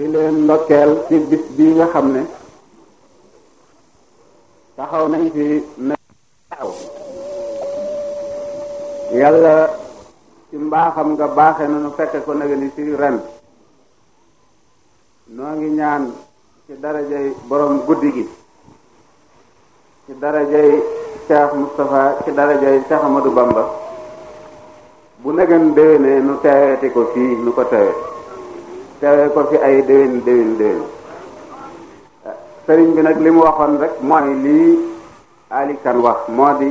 di leen ndokkeel ci bis bi nga xam ne taxaw nañ fi na taxaw yàlla ci mbaaxam nga baaxe na nu fekke ko naga ni ci ren noo ngi ñaan ci darajay borom guddi gi ci darajay Cheikh Moustapha ci darajay Cheikh Amadou Bamba bu nagan déwénee nu teeweti ko fii nu ko tewe teewee ko fi ay déwén déwén déwén ah, sëriñ bi nag li mu waxoon rek mooy lii alikan wax moo di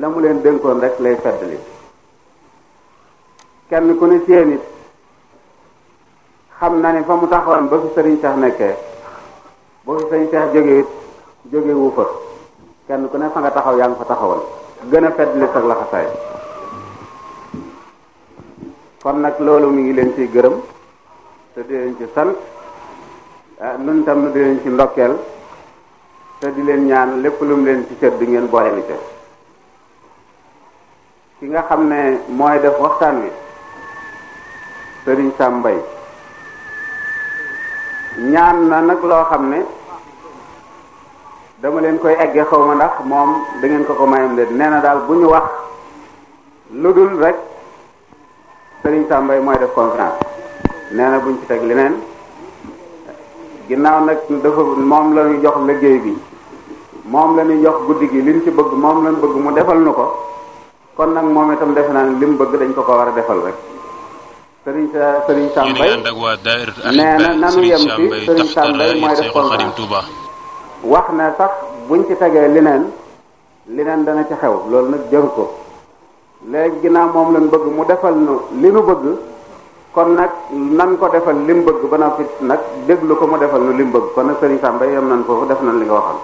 la mu leen dénkoon rek lay feddali kenn ku ne ci xam na ne fa mu taxoon ba fi sëriñ Cheikh nekkee ba fi sëriñ Cheikh jóge jóge wu kenn ku ne fa nga taxaw yaa ngi fa taxawoon gën a feddali sax laxasaay kon nag loolu mi ngi leen ciy gërëm te di leen ci sant ah, nun tam nu di leen ci ndokkeel te di leen ñaan lépp lu mu leen ci cër bi ngeen boole ni ca ki nga xam ne mooy def waxtaan wi sëriñ Sam Mbaye ñaan na nag loo xam ne dama leen koy eggee xaw ma ndax moom da ngeen ko ko mayam leen nee na daal bu ñu wax lu dul rek Serigne Sambay mooy def conférence nee na buñ ci teg leneen ginnaaw nag dafa moom la ñu jox liggéey bi moom la ñu jox guddi gi liñ ci bëgg moom lañ bëgg mu defal nu ko kon nag moom itam defe naa ni li mu bëgg dañ ko ko war a defal rek sëriñ sa Serigne Sambay nee na nanu yem ci Serigne Sambay mooy def conférence wax na sax buñ ci tegee leneen leneen dana ci xew loolu nag jaru ko léegi ginnaaw moom lañ bëgg mu defal nu li nu bëgg kon nag nan ko defal li mu bëgg ba noppi nag déglu ko mu defal nu li bëgg kon nag sëriñ Samba yem nañ foofu def nañ li nga waxal.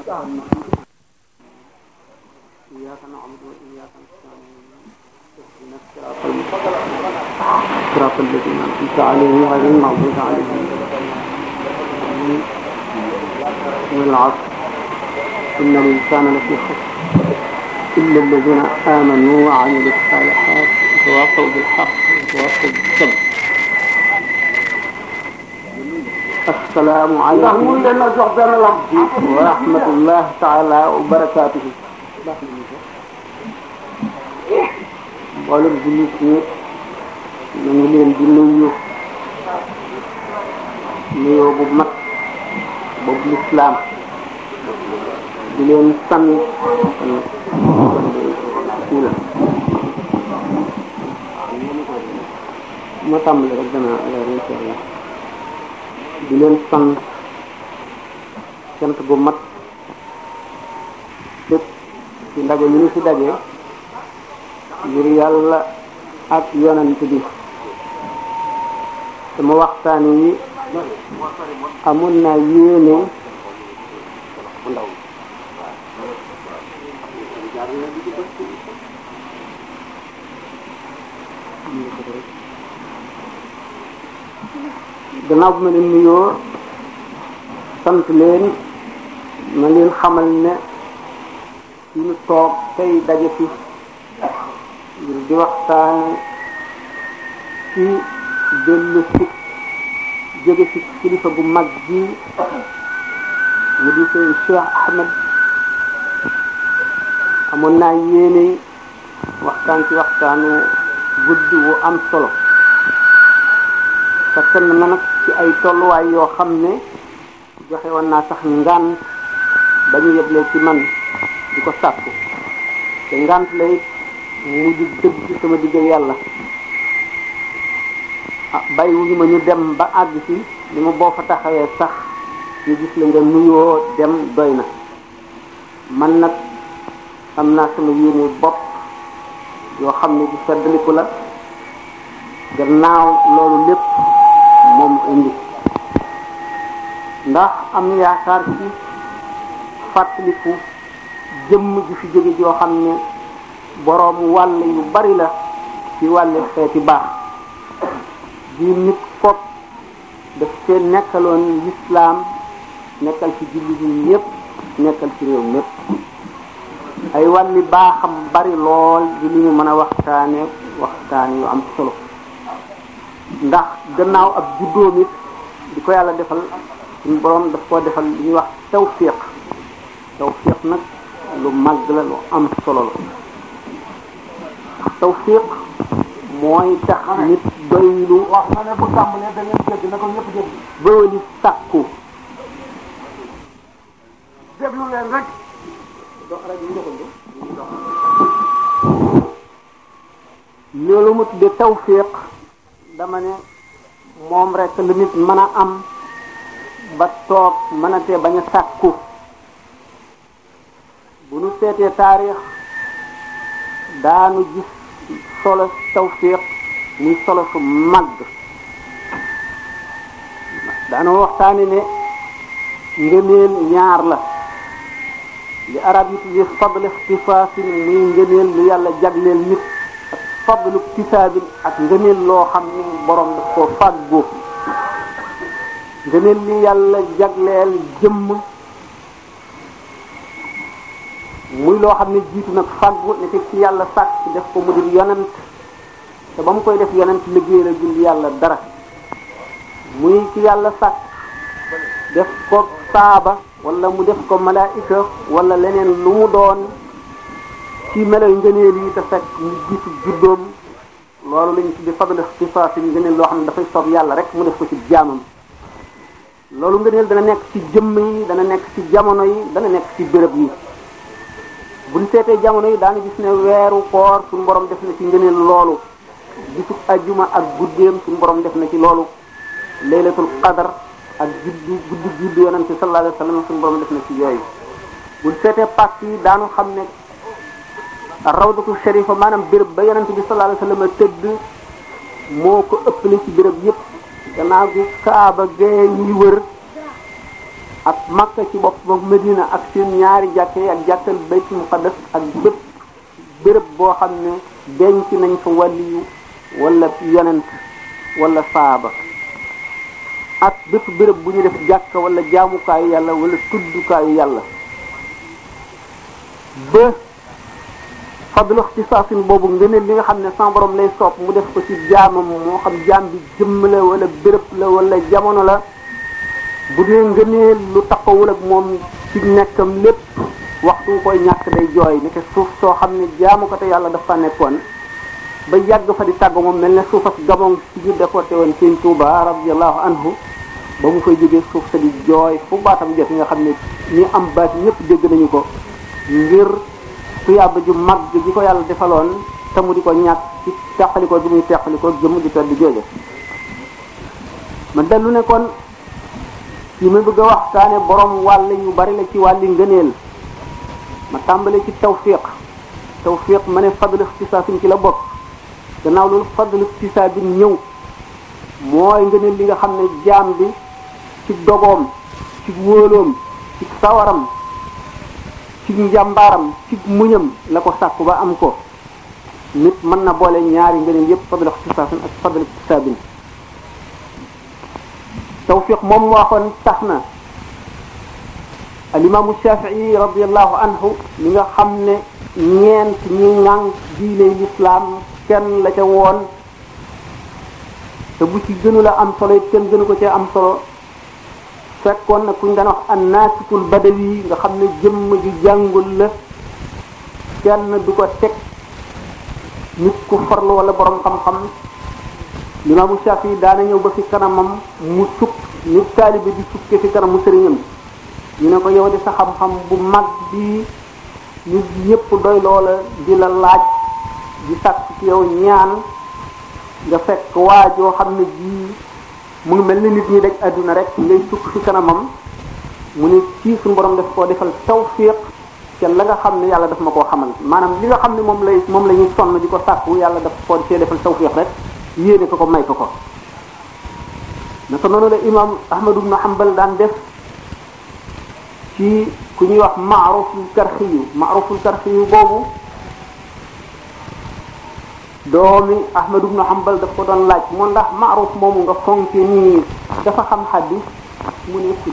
man صراط الذين أنعمت عليهم غير المغضوب عليهم والعصر إن الإنسان لفي خسر إلا الذين آمنوا وعملوا الصالحات وتواصوا بالحق وتواصوا بالصبر السلام عليكم ورحمة الله تعالى وبركاته mboolem jullit ñëpp ñu ngi leen di nuyu nuyoo bu mag boobu lislaam di leen sami la bu mag bépp ci ndaje yi ñu fi daje ngir yàlla ak yonent bi sama waxtaan yi amoon naa yéene gannaaw bu ma leen nuyoo sant leen ma leen xamal ne fi ñu toog tey daje di waxtaane ci dellu sut jóge ci kilifa bu mag ji mu di seen Cheikh Ahmed amoon naa yéene waxtaan ci waxtaanu gudd wu am solo fekk na nag ci ay tolluwaay yoo xam ne joxe woon naa sax ngànt ba ñu yëblee ci man di ko sàkku te ngànt la mu di dëgg ci sama digg yàlla ah bàyyiwuñu ma ñu dem ba àgg ci li ma boo fa taxawee sax ñu gis la nga nuyoo dem doy na man nag am naa sama yéene bopp yoo xam ne di seddaliku la gannaaw loolu lépp moom indi ndax am yaakaar ci fàttaliku jëmm ji fi jóge joo xam ne boroom wàll yu bari la ci wàll xeeti baax ji nit fopp daf cee nekkaloon lislaam nekkal ci jullit yi yépp nekkal ci réew mépp ay wàlli baaxam bari lool di lu ñu mën a waxtaane waxtaan yu am solo ndax gannaaw ab juddóom it di ko yàlla defal suñ boroom daf koo defal li ñuy wax tawfiq tawfiq nag lu màgg la lu am solo la tawfiq mooy tax nit doylu wax na ne bu tàmbalee da ngeen jégg na ko ñëpp jégg doylu sàkku loolu mu tudde tawfiq dama ne moom rek lu nit mën a am ba toog mën a tee bañ a sàkku bu nu seetee taarix daanu gis solo tawfiq muy solo su màgg daanoo waxtaani ne ngëneel ñaar la li arab yi tuddee fadl ixtifaasin muy ngëneel lu yàlla jagleel nit ak fadlu kitaabin ak ngëneel loo xam ni borom daf koo fàggoo ngëneel li yàlla jagleel jëmm muy loo xam ne jiitu nag fàggu ne teg ci yàlla sàkk def ko mu di yonent te ba mu koy def yonent liggéey la jund yàlla dara muy ci yàlla sàkk def ko saaba walla mu def ko malaika wala leneen lu mu doon ci melay ngëneel yi te fekk mu jiitu juddoom loolu lañ tudde fadl ixtisaas yi ngëneel loo xam ne dafay soob yàlla rek mu def ko ci jaamam loolu ngëneel dana nekk ci jëm yi dana nekk ci jamono yi dana nekk ci bërëb yi bu buñ seetee jamono yi daana gis ne weeru koor suñu borom def na ci ngëneel loolu gisu ajuma ak guddeem suñu borom def na ci loolu laylatul qadar ak juddu guddi juddu yonente sallallahu alayhi wasallam suñu borom def na ci yooyu buñ seetee pàcc yi daanu xam ne rawdatu sharifa maanaam béréb ba yonente bi sallallahu alayhi wasallam tëdd moo ko ëpp ëppale ci béréb yépp gannaaw gi kaaba gee ñuy wër ak Makka ci bopp ba Medina ak seen ñaari jàkke yi ak jàkkal baytul muqaddas ak bépp béréb boo xam ne denc nañ fa waliyu wala yonent wala saaba ak bépp bërëb bu ñu def jàkka wala jaamukaayu yàlla wala tuddukaayu yàlla ba fadlu ixtisaasin boobu ngëneel li nga xam ne sama borom lay soob mu def ko ci jaamam moo xam jaam bi jëmm la wala béréb la wala jamono la bu dee ngëneel lu ko taxawul ak moom ci nekkam lépp waxtu nga koy ñàkk day jooy nekk suuf soo xam ne jaamu ko te yàlla dafa nekkoon ba yàgg fa di tàggu moom mel ne suuf ak gabon ci biir déporté woon seen Tuuba radiyallahu anhu ba mu koy jógee suuf sa di jooy fu baatam jot nga xam ne ñi am baat ñëpp dégg nañu ko ngir tuyaaba ju mag ji ko yàlla defaloon te mu di ko ñàkk ci teqalikoo muy teqalikoo jëmm di tedd jooje man dellu ne kon li ma bëgg a waxtaane borom wàll yu bari la ci wàlli ngëneel ma tàmbale ci tawfiq tawfiq ma ne fadl ixtisaasin ci la bokk gannaaw loolu fadl ixtisaa bi ñëw mooy ngëneel li nga xam ne jaam bi ci dogoom ci wóoloom ci sawaram ci njàmbaaram ci muñam la ko sàkku ba am ko nit mën na boole ñaari ngëneel yépp fadl ixtisaasin ak fadl ixtisaabin tawfiq moom moo waxoon sax na alimaamu shafii radiallahu anhu mi nga xam ne ñeent ñi ŋànk diiney lislaam kenn la ca woon te bu ci gënu la am solo it kenn gënu ko ca am solo fekkoon na kuñ daan wax annaasikul badawi nga xam ne jëmm ji jàngul la kenn du ko teg nit ku farlu wala borom xam-xam limaamu Shaafi daana ñëw ba fi kanamam mu sukk ñu taalibe di sukke fi kanamu sëriñam ñu ne ko yow di sa xam-xam bu mag bi ñu ñëpp doy loola di la laaj di sàkk ci yow ñaan nga fekk waa joo xam ne jii mu ngi mel ni nit ñi daj àdduna rek ngay sukk fi kanamam mu ne ci suñu borom daf koo defal tawfiq ca la nga xam ne yàlla daf ma koo xamal maanaam li nga xam ne moom lay moom lañuy ñuy sonn di ko sàkku yàlla daf koo see defal tawfiq rek yéene ko ko may ko ko naka noonu la imam Ahmad ibn Hanbal daan def ci ku ñuy wax maaruful karxiyu maaruful karxiyu boobu doomi Ahmad ibn Hanbal daf ko doon laaj moo ndax maaruf moomu nga fonke nii dafa xam xadis mu ne ci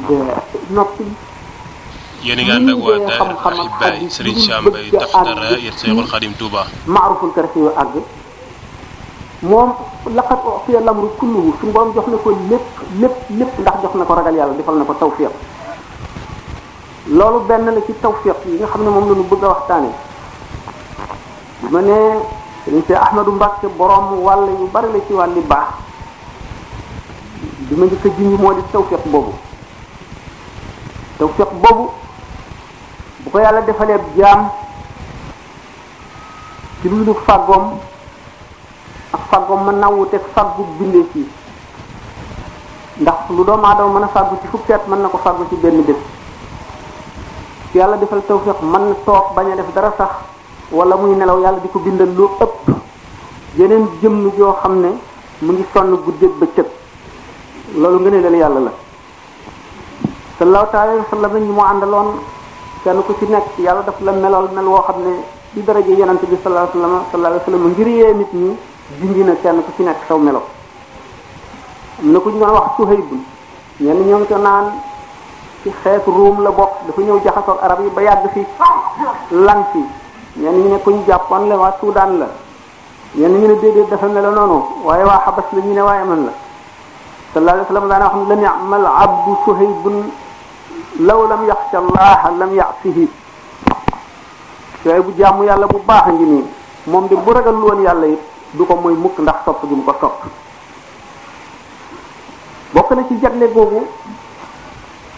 noppi yéen a ngi ànd ak waa daayira Xibaay Serigne Sam Mbaye Tafsir Daaray Seexul Xadim Touba maaruful karxiyu àgg moom laqad u'tiya al-amru kulluhu suñu borom jox na ko lépp lépp lépp ndax jox na ko ragal yàlla defal na ko tawfiq loolu benn la ci tawfiq yi nga xam ne moom la bëgg a waxtaane ma ne dañ see Ahmadu Mbàkke borom bari la ci wàlli baax bi ma njëkk a junj moo di tawfiq boobu tawfiq boobu bu ko yàlla defalee jaam ci lu ñu fàggoom ak faggo mën naa wuuteeg faggu bindee fii ndax lu doomu aadama mën a faggu ci fukki at mën na ko fàggu ci benn bés yàlla defal tawfiq mën na toog bañ a def dara sax wala muy nelaw yàlla di ko bindal lu ëpp yeneen jëmm yoo xam ne mu ngi sonn guddeeg bëccëg loolu nga ne leen yàlla la sallallahu taala wa sallam ñi mu àndaloon kenn ku ci nekk yàlla daf la melool mel woo xam ne ci daraje yonente bi sallallahu alayhi wa sallam ngir yee nit ñi junj na kenn ku ci nekk saw melo am na ku ñu doon wax Suhayb ñenn ñoom ko naan ci xeetu ruum la bokk dafa ñëw jaxasoog arab yi ba yàgg fi lan fi ñenn ñu ne ku ñu jàppoon la waa Soudan la ñenn ñu ne déedéet dafa melo noonu waaye waa xabas la ñu ne waaye man la sallallahu alayhi wa sallam daana wax ne lam yamal abdu Suhaybun law lam yaxsha Allah lam yasihi Suhaybu jàmm yàlla bu baax a ngi nii moom de bu ragal lu woon yàlla it du ko mooy mukk ndax topp jum mu ko topp bokk na ci jagle googu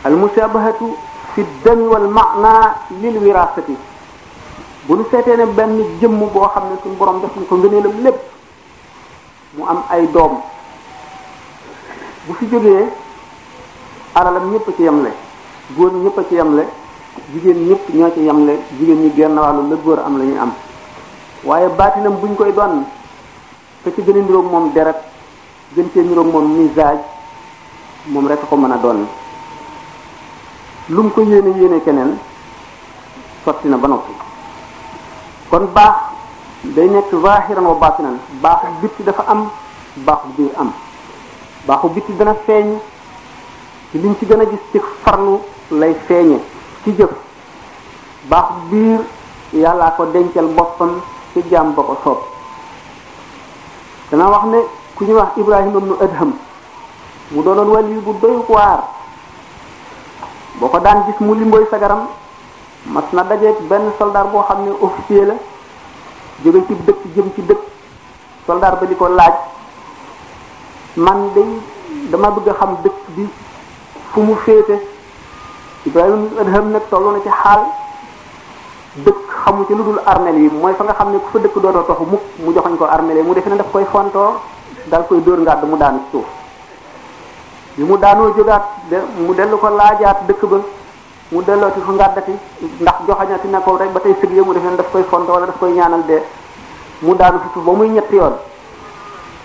al mushabahatu fi dami wal maana lil wirasati bu ñu seetee ne benn jëm boo xam ne suñu borom def na ko ngëneelam lépp mu am ay doom bu fi jógee alalam ñëpp ci yemle góor ñëpp a ci yemle jigéen ñépp ñoo ci yemle jigéen ñi genn wàllu la góor am la ñuy am waaye baatinam buñ koy doon te ci gën a niroog moom deret gën cee niroog moom misaaj moom rek ko mën a doon lu mu ko yéene yéene keneen sotti na ba noppi kon baax day nekk zahiran wa batinan baaxu bitti dafa am baaxu biir am baaxu bitti dana feeñ ci liñ ci gën a gis ci farlu lay feeñe ci jëf baaxu biir yàlla ko dencal boppam ci jaam ba ko soob dana wax ne ku ñuy wax Ibrahima ibnu Adham mu doonoon wàllu bu doy waar boo ko daan gis mu limbooy sagaram mas na dajeeg benn soldaar boo xam ne officier la jóge ci dëkk jëm ci dëkk soldat ba di ko laaj man day dama bëgg a xam dëkk bi fu mu féete Ibrahima ibnu Adham nag toll na ci xaal. dëkk xamu ci lu dul armel yi mooy fa nga xam ne ku fa dëkk dootoo toxu mukk mu joxoñ ko armel yi mu defe ne daf koy fontoo dal koy dóor ngàdd mu daanu ci suuf bi mu daanoo jógaat mu dellu ko laajaat dëkk ba mu dellooti fu ngàddati ndax joxañati na ko rek ba tey sëg mu defe daf koy fontoo wala daf koy ñaanal dee mu daanu ci suuf muy ñetti yoon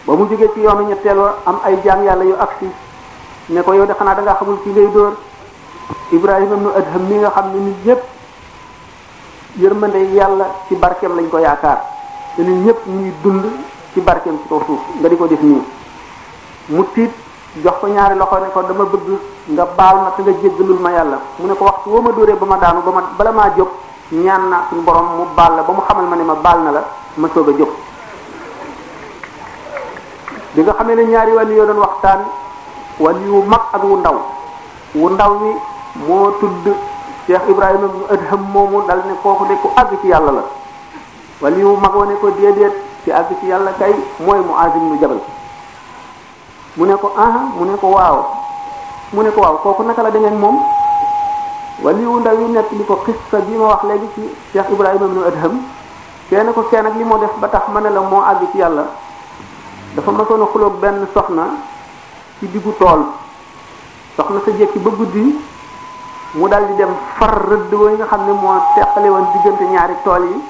ba mu jógee ci yoonu ñetteel wa am ay jaam yàlla yu agsi ne ko yow de xanaa da nga xamul ci ngay dóor Ibrahima ibnu Adham mi nga xam ne nit ñëpp yërmande yàlla ci barkeem lañ ko yaakaar te ñun ñëpp ñuy dund ci barkeem ci kaw suuf nga di ko def nii mu tiit jox ko ñaari loxo ne ko dama bëgg nga baal ma te nga jéggalul ma yàlla mu ne ko waxtu woo ma dóoree ba ma daanu ba ma bala maa jóg ñaan naa suñu borom mu baal la ba mu xamal ma ne ma baal na la ma soog a jóg bi nga xamee ne ñaari wàll yoo doon waxtaan wàll yu mag ak wu ndaw wu ndaw wi moo tudd Cheikh Ibrahima bu Adham moomu dal ne kooku de ku àgg ci yàlla la wala yu magoo ne ko déedéet ci àgg ci yàlla kay mooy Muaz mu Jabal mu ne ko ah mu ne ko waaw mu ne ko waaw kooku naka la dangeen moom wala yu ndaw yi nekk li ko xissa bi ma wax léegi ci Cheikh Ibrahima ibn Adham kenn ko kenn ak li moo def ba tax ma ne la moo àgg ci yàlla dafa mësoon a xuloog benn soxna ci diggu tool soxna sa jékki ba guddi. mu dal di dem far rëdd wa nga xam ne moo teqale woon diggante ñaari tool yi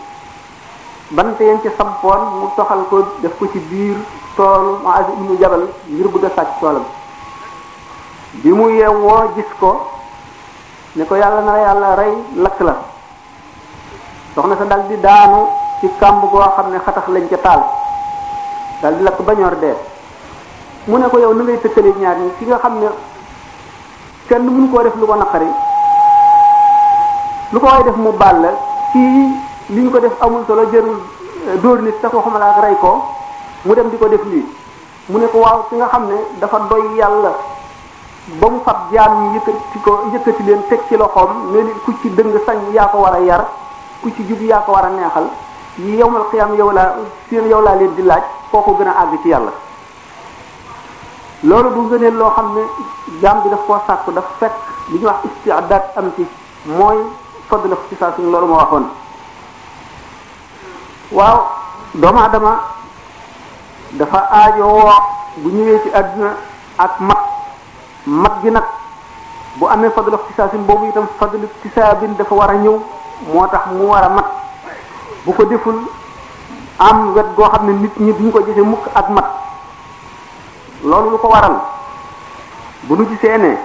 bant yeen ci sampoon mu toxal ko def ko ci biir toolu Muaz bëgg a sàcc toolam bi mu yeewoo gis ko ne ko yàlla na yàlla rey lakk la soxna sa dal di daanu ci kàmb goo xam ne xatax lañ ca taal dal di lakk bañoor dee mu ne ko yow ni ngay tëkkale ñaar ñi ki nga xam ne kenn mënu koo def lu ko naqari lu ko waay def mu baal la kii liñ ko def amul solo jërul eh, dóor nit sax waxuma la ak rey ko mu dem di ko def lii mu ne ko waaw ki nga xam ne dafa doy yàlla ba mu fab jaam yi yëkkati ko leen teg ci loxoom ne ku ci dëng sañ yaa ko war a yar ku ci jub yaa ko war a neexal yow yowmal xiyam yow laa seen yow laa leen di laaj ko gën a àgg ci yàlla loolu du ngëneel loo xam ne jaam bi daf koo sàkku daf fekk li ñuy wax istiadat am ci mooy fodd la ci saa suñ loolu ma waxoon waaw doomu adama dafa aajowoo bu ñëwee ci àdduna ak mat mat gi nag bu amee fadlu ixtisaasin boobu itam fadlu ixtisaabin dafa war a ñëw moo tax mu war a mat bu ko deful am wet goo xam ne nit ñi duñ ko gisee mukk ak mat loolu lu ko waral bu nu gisee ne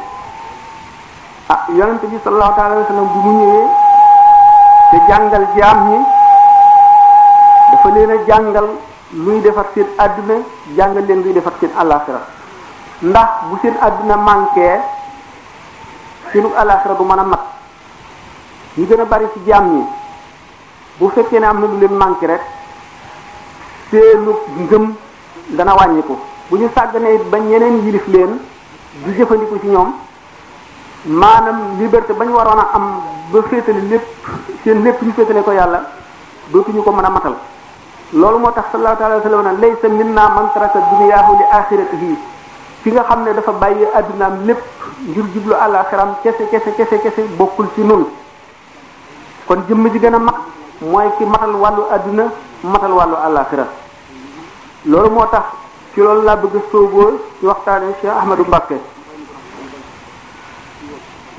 ah yonente bi sallallahu taala wa bu mu ñëwee te jàngal jaam ñi dafa leen a jàngal luy defar seen àdduna jàngal leen luy defar seen alaxira ndax bu seen àdduna manqué seenu alaxira du mën a mag ñu gën a bari ci jaam ñi bu fekkee ne am na lu leen manqué rek seenu ngëm dana wàññiku bu ñu sàgganee ba ñeneen yilif leen du jëfandiku ci ñoom maanaam liberté bañ waroon a am ba féetale lépp seen lépp ñu féetale ko yàlla dootuñu ko mën a matal loolu moo tax sallallahu alayhi wa sallam na laysa minna man taraka duniyaahu li axiratihi ki nga xam ne dafa bàyyi addunaam lépp ngir jublu àllaaxiram kese kese kese kese bokkul ci nun kon jëmm ji gën a mag mooy ki matal wàllu adduna matal wàllu àllaaxira loolu moo tax ci loolu laa bëgg a sooboo ci waxtaane Cheikh Ahmadou Mbacké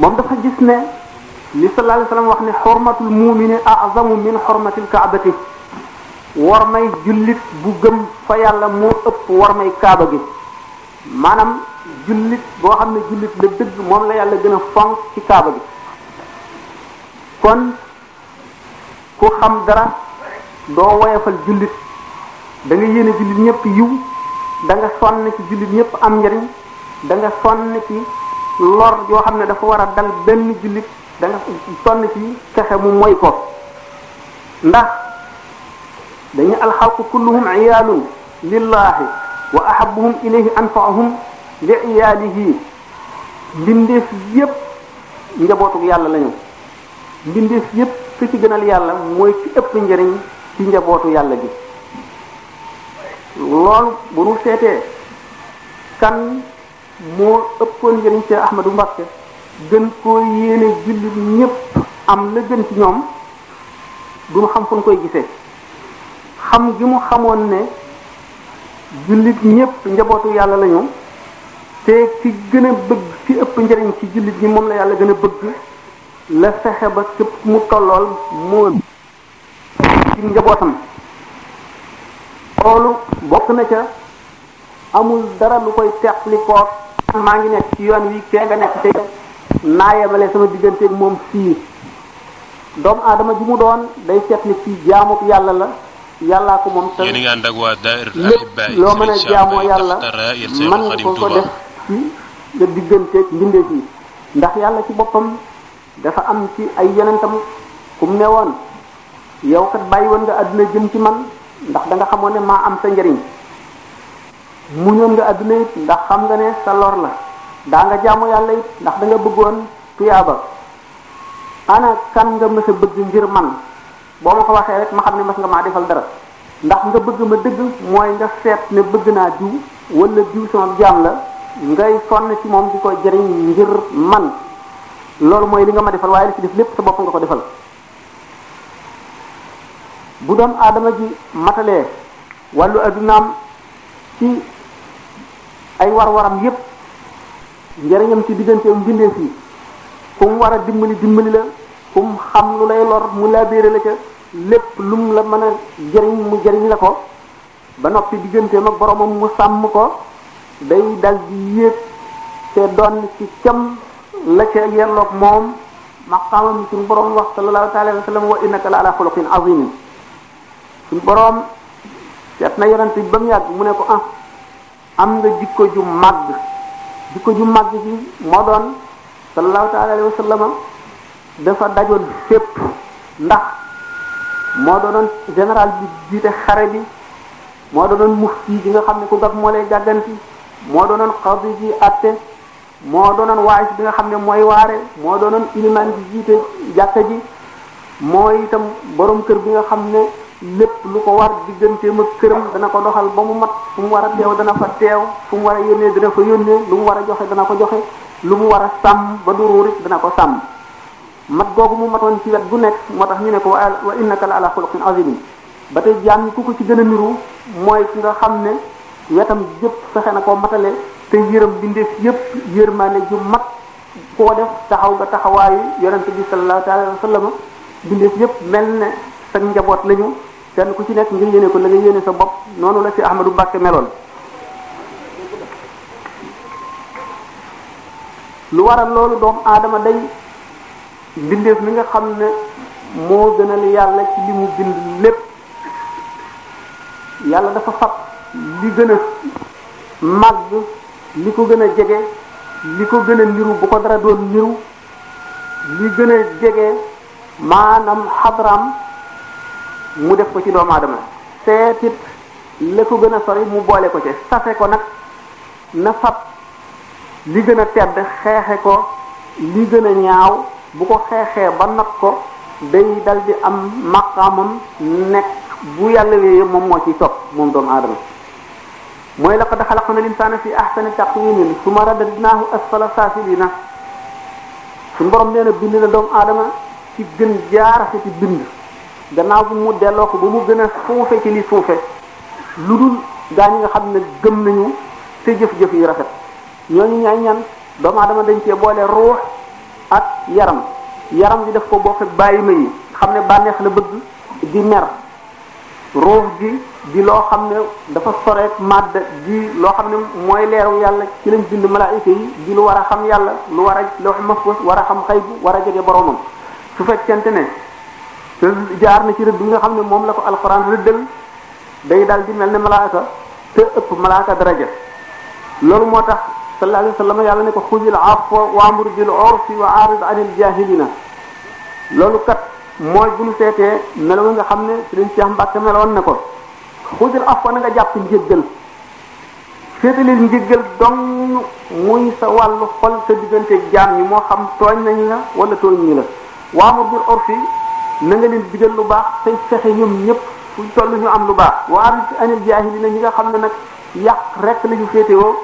moom dafa gis ne li sallallahu wax ne xormatul mu'mini a'zamu min xormatil kaabati war may jullit bu gëm fa yàlla moo ëpp war may kaaba gi maanaam jullit boo xam ne jullit la dëgg moom la yàlla gën a fonk ci kaaba gi kon ku xam dara doo woyofal jullit da nga jullit ñëpp yiw da sonn ci jullit ñëpp am njariñ da sonn ci lor yoo xam ne dafa war a dal benn jullit da nga sonn ci fexe mu moy ko ndax dañu alxalqu kulluhum iyaalun lillahi wa ahabuhum ilayhi anfaahum li iyaalihi mbindeef yépp njabootuk yàlla lañu mbindeef yépp ki ci gënal yàlla mooy ci ëpp njariñ ci njabootu yàlla bi loolu bu nu seetee kan moo ëppoon njëriñ Cheikh Ahmadou Mbacké gën koo yéene jullit ñëpp am la gën ci ñoom du mu xam fu koy gisee xam gi mu xamoon ne jullit ñëpp njabootu yàlla lañu te ci gën bëgg ci ëpp njëriñ ci jullit ñi moom la yàlla gën a bëgg la fexe ba képp mu tollool moo ci njabootam loolu bokk na ca amul dara lu koy teqli koor maa ngi nekk ci yoon wi kee nga nekk te naa yemale sama digganteeg moom fii doomu aadama ji mu doon day seet ni fii jaamub yàlla la yàllaa ko moom tamit lépp loo mën a jaamoo yàlla man nga ko ko def ci nga digganteeg mbindeef yi ndax yàlla ci boppam dafa am ci ay yonentam ku ne woon yow kat bàyyi woon nga àdduna jëm ci man ndax danga xamoon ne maa am sa njariñ mu muñoon nga adduna it ndax xam nga ne sa loor la daa nga jaamu yàlla it ndax da bëggoon tuyaaba ana kan nga mës a bëgg ngir man boo ma ko waxee rek ma xam ne mas nga maa defal dara ndax nga bëgg ma dëgg mooy nga seet ne bëgg naa diw wala diw sama jaam la ngay sonn ci moom di ko jëriñ ngir man loolu mooy li nga ma defal waaye li ci lépp sa bopp nga ko defal bu doon aadama ji matalee wàllu addunaam ci ay war-waram yépp njëriñam ci digganteem mbindeef yi fu mu war a dimbali dimbali la fu mu xam lu lay lor mu labéré la ca lépp lu mu la mën a jëriñ mu jëriñ la ko ba noppi diggante ak boromam mu sàmm ko day dal di yéeg te doon ci cam la ca yelloog moom maqaamam suñu borom wax sallallahu taala wa sallam wa innaka la ala xuluqin azimin suñu seet na yonent bi ba mu yàgg mu ne ko ah am nga jikko ju màgg jikko ju màgg ji moo doon sallallahu taala alayhi wa sallama dafa dajoon fépp ndax moo doonoon général bi jiite xare bi moo doonoon mufti ji nga xam ne ku gag moo lay gàgganti moo doonoon xadi ji atte moo doonoon waaris bi nga xam ne mooy waare moo doonoon iliman bi jiite jàkka ji mooy itam borom kër bi nga xam ne lépp lu ko war digganteem ma këram dana ko doxal ba mu mat fu mu war a teew dana fa teew fu mu war a yónnee dana ko yónnee lu mu war a joxe dana ko joxe lu mu war a sàmm ba du ruurit dana ko sàmm mat googu mu matoon ci wet bu nekk moo tax ñu ne ko wa innaka la ala xuluqin azim ba te jaam ñi ku ko ci gën a niru mooy ki nga xam ne wetam yëpp fexe na koo matale te yërëm bindeef yëpp ne ju mat koo def taxaw nga taxawaayu yonente bi sallallahu alayhi wa sallam sa njaboot lañu kenn ku ci nekk ngir yéene ko la nga yéene sa bopp noonu la ci Ahmadu Mbàkke meloon lu waral loolu doom aadama day bindeef mi nga xam ne moo gënal yàlla ci li mu bind lépp yàlla dafa fab li gën a màgg li ko gën a jege li ko gën a niru bu ko dara doon niru li gën a jege maanam xabraam mu def ko ci doomu aadama seetit la ko gën a sori mu boole ko ci safe ko nag na fab li gën a tedd xeexe ko li gën a ñaaw bu ko xeexee ba nag ko day dal di am maqaamam nekk bu yàlla wéyee moom moo ciy topp moom doomu aadama mooy laqad xalaqna linsaana fi ahsani taqwimin summa radadnaahu asfala saafilina suñu borom lii na su bind na doomu aadama ci gën jaarase ci bind gannaaw bu mu delloo ko ba mu gën a suufe ci li suufe lu dul gaa ñi nga xam ne gëm nañu te jëf-jëf yi rafet ñooñu ñaay ñan doomu adama dañ cee boole ruux ak yaram yaram bi daf ko bokk ak bàyyi ma yi xam ne bànneex la bëgg di mer ruux gi di loo xam ne dafa soreet màdd di loo xam ne mooy leeru yàlla ci lañ bind malaayika yi di lu war a xam yàlla lu war a loox mafus war a xam xëy bu war a jege boromam su fekkente ne te jaar na ci rëdd bi nga xam ne moom la ko alxuraan rëddal day daal di mel ne malaaka te ëpp malaaka daraja loolu moo tax sallallahu alayhi wa sallam yàlla ne ko xujil afwa waamur bil urfi wa aarid anil jaahilina loolu kat mooy bu ñu seetee melo nga xam ne sëriñ Cheikh Mbacke meloon na ko xujil afwa na nga jàpp njëggal féetalil njëggal dong muy sa wàllu xol sa diggante jaan ñi moo xam tooñ nañ la wala tooñ ñi la waamur bil urfi na nga leen digal lu baax tey fexe ñoom ñëpp fu toll ñu am lu baax waa anil jaahiliina ñi nga xam ne nag yàq rek la ñu féetewoo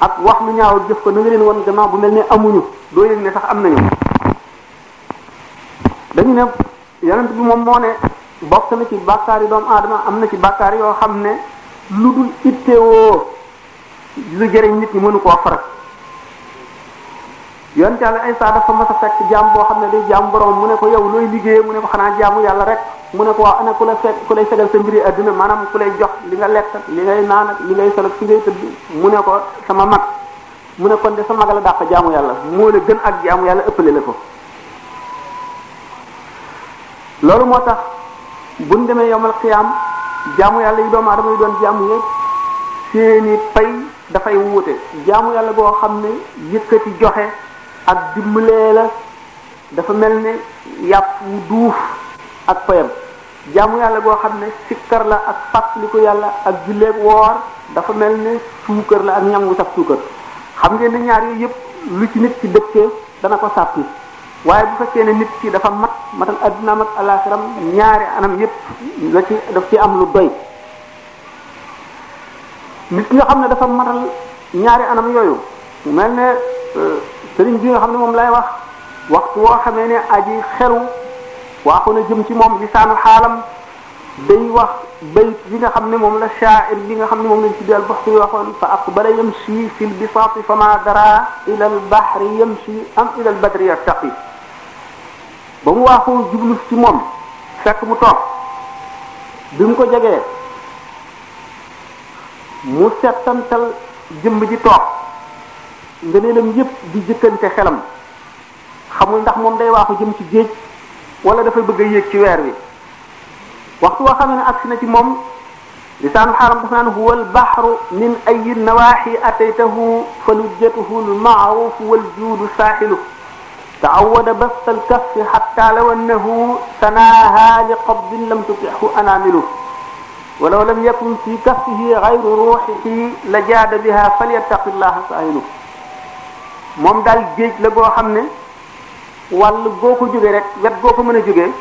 ak wax lu ñaaw jëf ko na leen wan gannaaw bu mel ne amuñu doo leen ne sax am nañu dañu ne yonent bi moom moo ne bokk na ci bàkkaar yi doomu aadama am na ci bàkkaar yoo xam ne lu dul ittewoo lu jëriñ nit ñi mënu koo faral yonent yàlla Isaa dafa mas a fekk jaam boo xam ne day jaam borom mu ne ko yow looy liggéeyee mu ne ko xanaa jaamu yàlla rek mu ne ko waaw ana ku la fekk ku lay fegal sa mbiri adduna maanaam ku lay jox li nga lekk li ngay naan ak li ngay sol ak fi ngay tëdd mu ne ko sama mag mu ne kon de sa mag la dàq jaamu yàlla moo la gën ak jaamu yàlla ëppale la ko loolu moo tax buñ demee yomal xiyaam jaamu yàlla yi doomu aadama yi doon jaamu yëpp seeni pay dafay wuute jaamu yàlla boo xam ne yëkkati joxe ak dimbalee la dafa mel ne yàpp wu duuf ak poyam jaamu yàlla boo xam ne sikkar la ak fàttaliku yàlla ak julleeg woor dafa mel ne suukar la ak ñam wu saf suukar xam ngeen ne ñaar yooyu yëpp lu ci nit ci dëkkee dana ko sàppi waaye bu fekkee ne nit ci dafa mat matal adduna mat alaxiram ñaari anam yëpp la ci daf ci am lu doy nit ki xam ne dafa matal ñaari anam yooyu mel ne euh, sëriñ bi nga xam ne moom lay wax waxtu woo xamee ne aji xeru waaxu na jëm ci moom lisaanu xaalam day wax bayt bi nga xam ne moom la shaair bi nga xam ne moom lañ ci dal baxtu yi waxoon fa aqbala yamshi fi lbisaati fa ma dara ila albahri yamshi am ila albadri yartaqi ba mu waaxu jublu ci moom fekk mu ko jegee mu settantal jëmb ji toog ngëneelam yépp di jëkkante xelam xamul ndax moom day waaxu jëm ci géej wala dafay bëgg a yéeg ci weer wi waxtu woo xam ne agsi na ci moom lisaanu xaalam dafa naan huwa albaxru min ayi nawaaxi ataytahu falujjatuhu almaaruf waljuudu saaxilu taawada basta alkaffi xatta law annahu sanaaha li qabdin lam tutixu anaamilu walaw lam yakun fi kaffihi gayru ruuxihi la jaada biha falyattaqi llaha saahilu moom daal géej la goo xam ne wàll goo ko jógee rek wet goo ko mën a jógee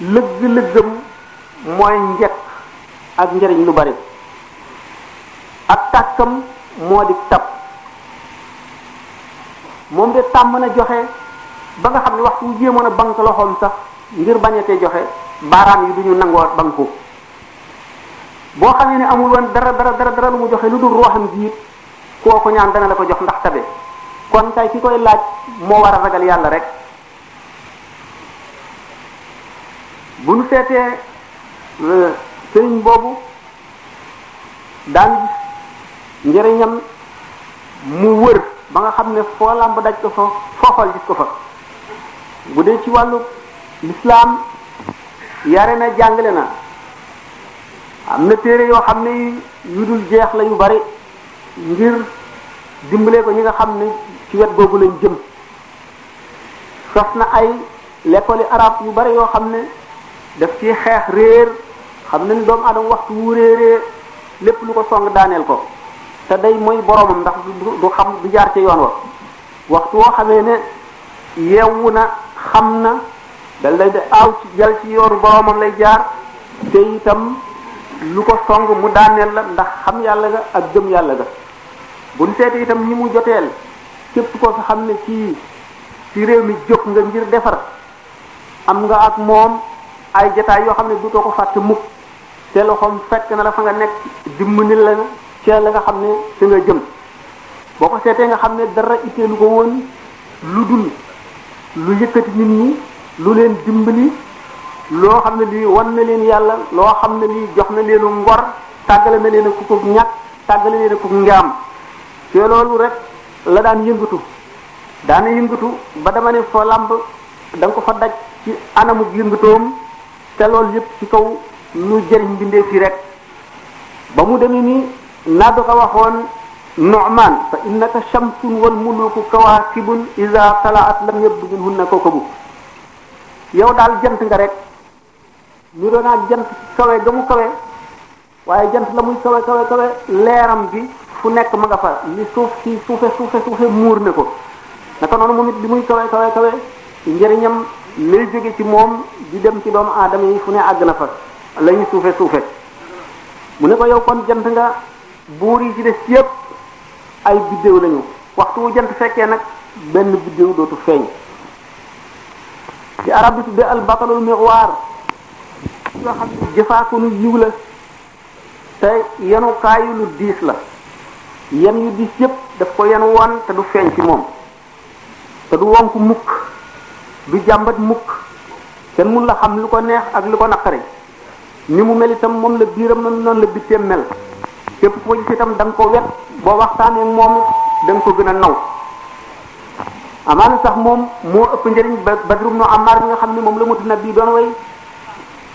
lëgg-lëggam mooy njekk ak njëriñ lu bari ak tàkkam moo di tab moom de tàmm na joxe ba nga xam ne waxtu jéemoon a bank loxoom sax ngir bañatee joxe baaraam yi duñu nangoo banku boo xamee ne amul woon dara dara dara dara lu mu joxe lu dul rooxam jiit koo ko ñaan dana la ko jox ndax tabe kon tey ki koy laaj moo war a ragal yàlla rek bu nu seetee euh, sëriñ boobu daan gis mu wër ba nga xam ne foo làmb daj ko fa fooxal gis ko fa bu dee ci wàllu lislaam yare na jàngale na am na téere yoo xam ne yu dul jeex la yu bari ngir dimbalee ko ñi nga xam ne ci wet googu lañ jëm sos na ay l'école arab yu bari yoo xam ne def ciy xeex réer xam ne ni doomu aadama waxtu wu réeree lépp lu ko song daaneel ko te day mooy boromam ndax du xam du jaar ci yoon wa waxtu woo xamee ne yeewu na xam na dal day de aaw ci ci yoonu boromam lay jaar te itam lu ko song mu daaneel la ndax xam yàlla ga ak gëm yàlla ga buñ seetee itam ñi mu joteel képp ko xam ne ci ci réew mi jóg nga ngir defar am nga ak moom ay jataay yoo xam ne du too ko fàtte mukk te loxoom fekk na la fa nga nekk dimbali la ca la nga xam ne fi nga jëm boo ko seetee nga xam ne dara itteelu ko woon lu dul lu yëkkati nit ñi lu leen dimb dimbali loo xam ne lii wan na leen yàlla loo xam ne lii jox na leenu ngor tàggale na leen a ku ko ñàkk tàggale leen a ku njaam ci loolu rek la daan yëngatu daana yëngatu ba dama ne foo làmb da ko fa daj ci anamu yëngatoom te loolu yëpp ci kaw lu jëriñ bindee fii rek ba mu demee nii naa du ko waxoon Nu'man fa innaka shamsun wal muluku kawakibun iza talaat lam yabdu minhunna kawkabu yow daal jant nga rek ñu doon naa jant kawe ga mu kawe waaye jant la muy kawe kawe kawe leeram gi fu nekk ma nga li suuf si suufe suufe suufe muur na ko naka noonu moom it li muy kawe kawe kawe njëriñam lay jóge ci moom di dem ci doomu aadama yi fu ne àgg na fa la suufe suufe mu ne ko yow kon jant nga buur yi ci des yépp ay biddéew lañu waxtu wu jant fekkee nag benn biddéew dootu feeñ ci arab bi tudde al batalul miroir yoo xam ne jëfaakunu la te yenukaayu lu diis la yan yu diis yépp daf ko yan woon te du feeñ ci moom te du wonk mukk du jàmbat mukk kenn mun la xam lu ko neex ak lu ko naqari ni mu mel itam moom la biiram noonu la bitteem mel képp ko gis itam da nga ko wet boo waxtaanee moom da nga ko gën a naw amaana sax moom moo ëpp njëriñ Badru ibnu Ammaar bi nga xam ne moom la mu tudd bii doon way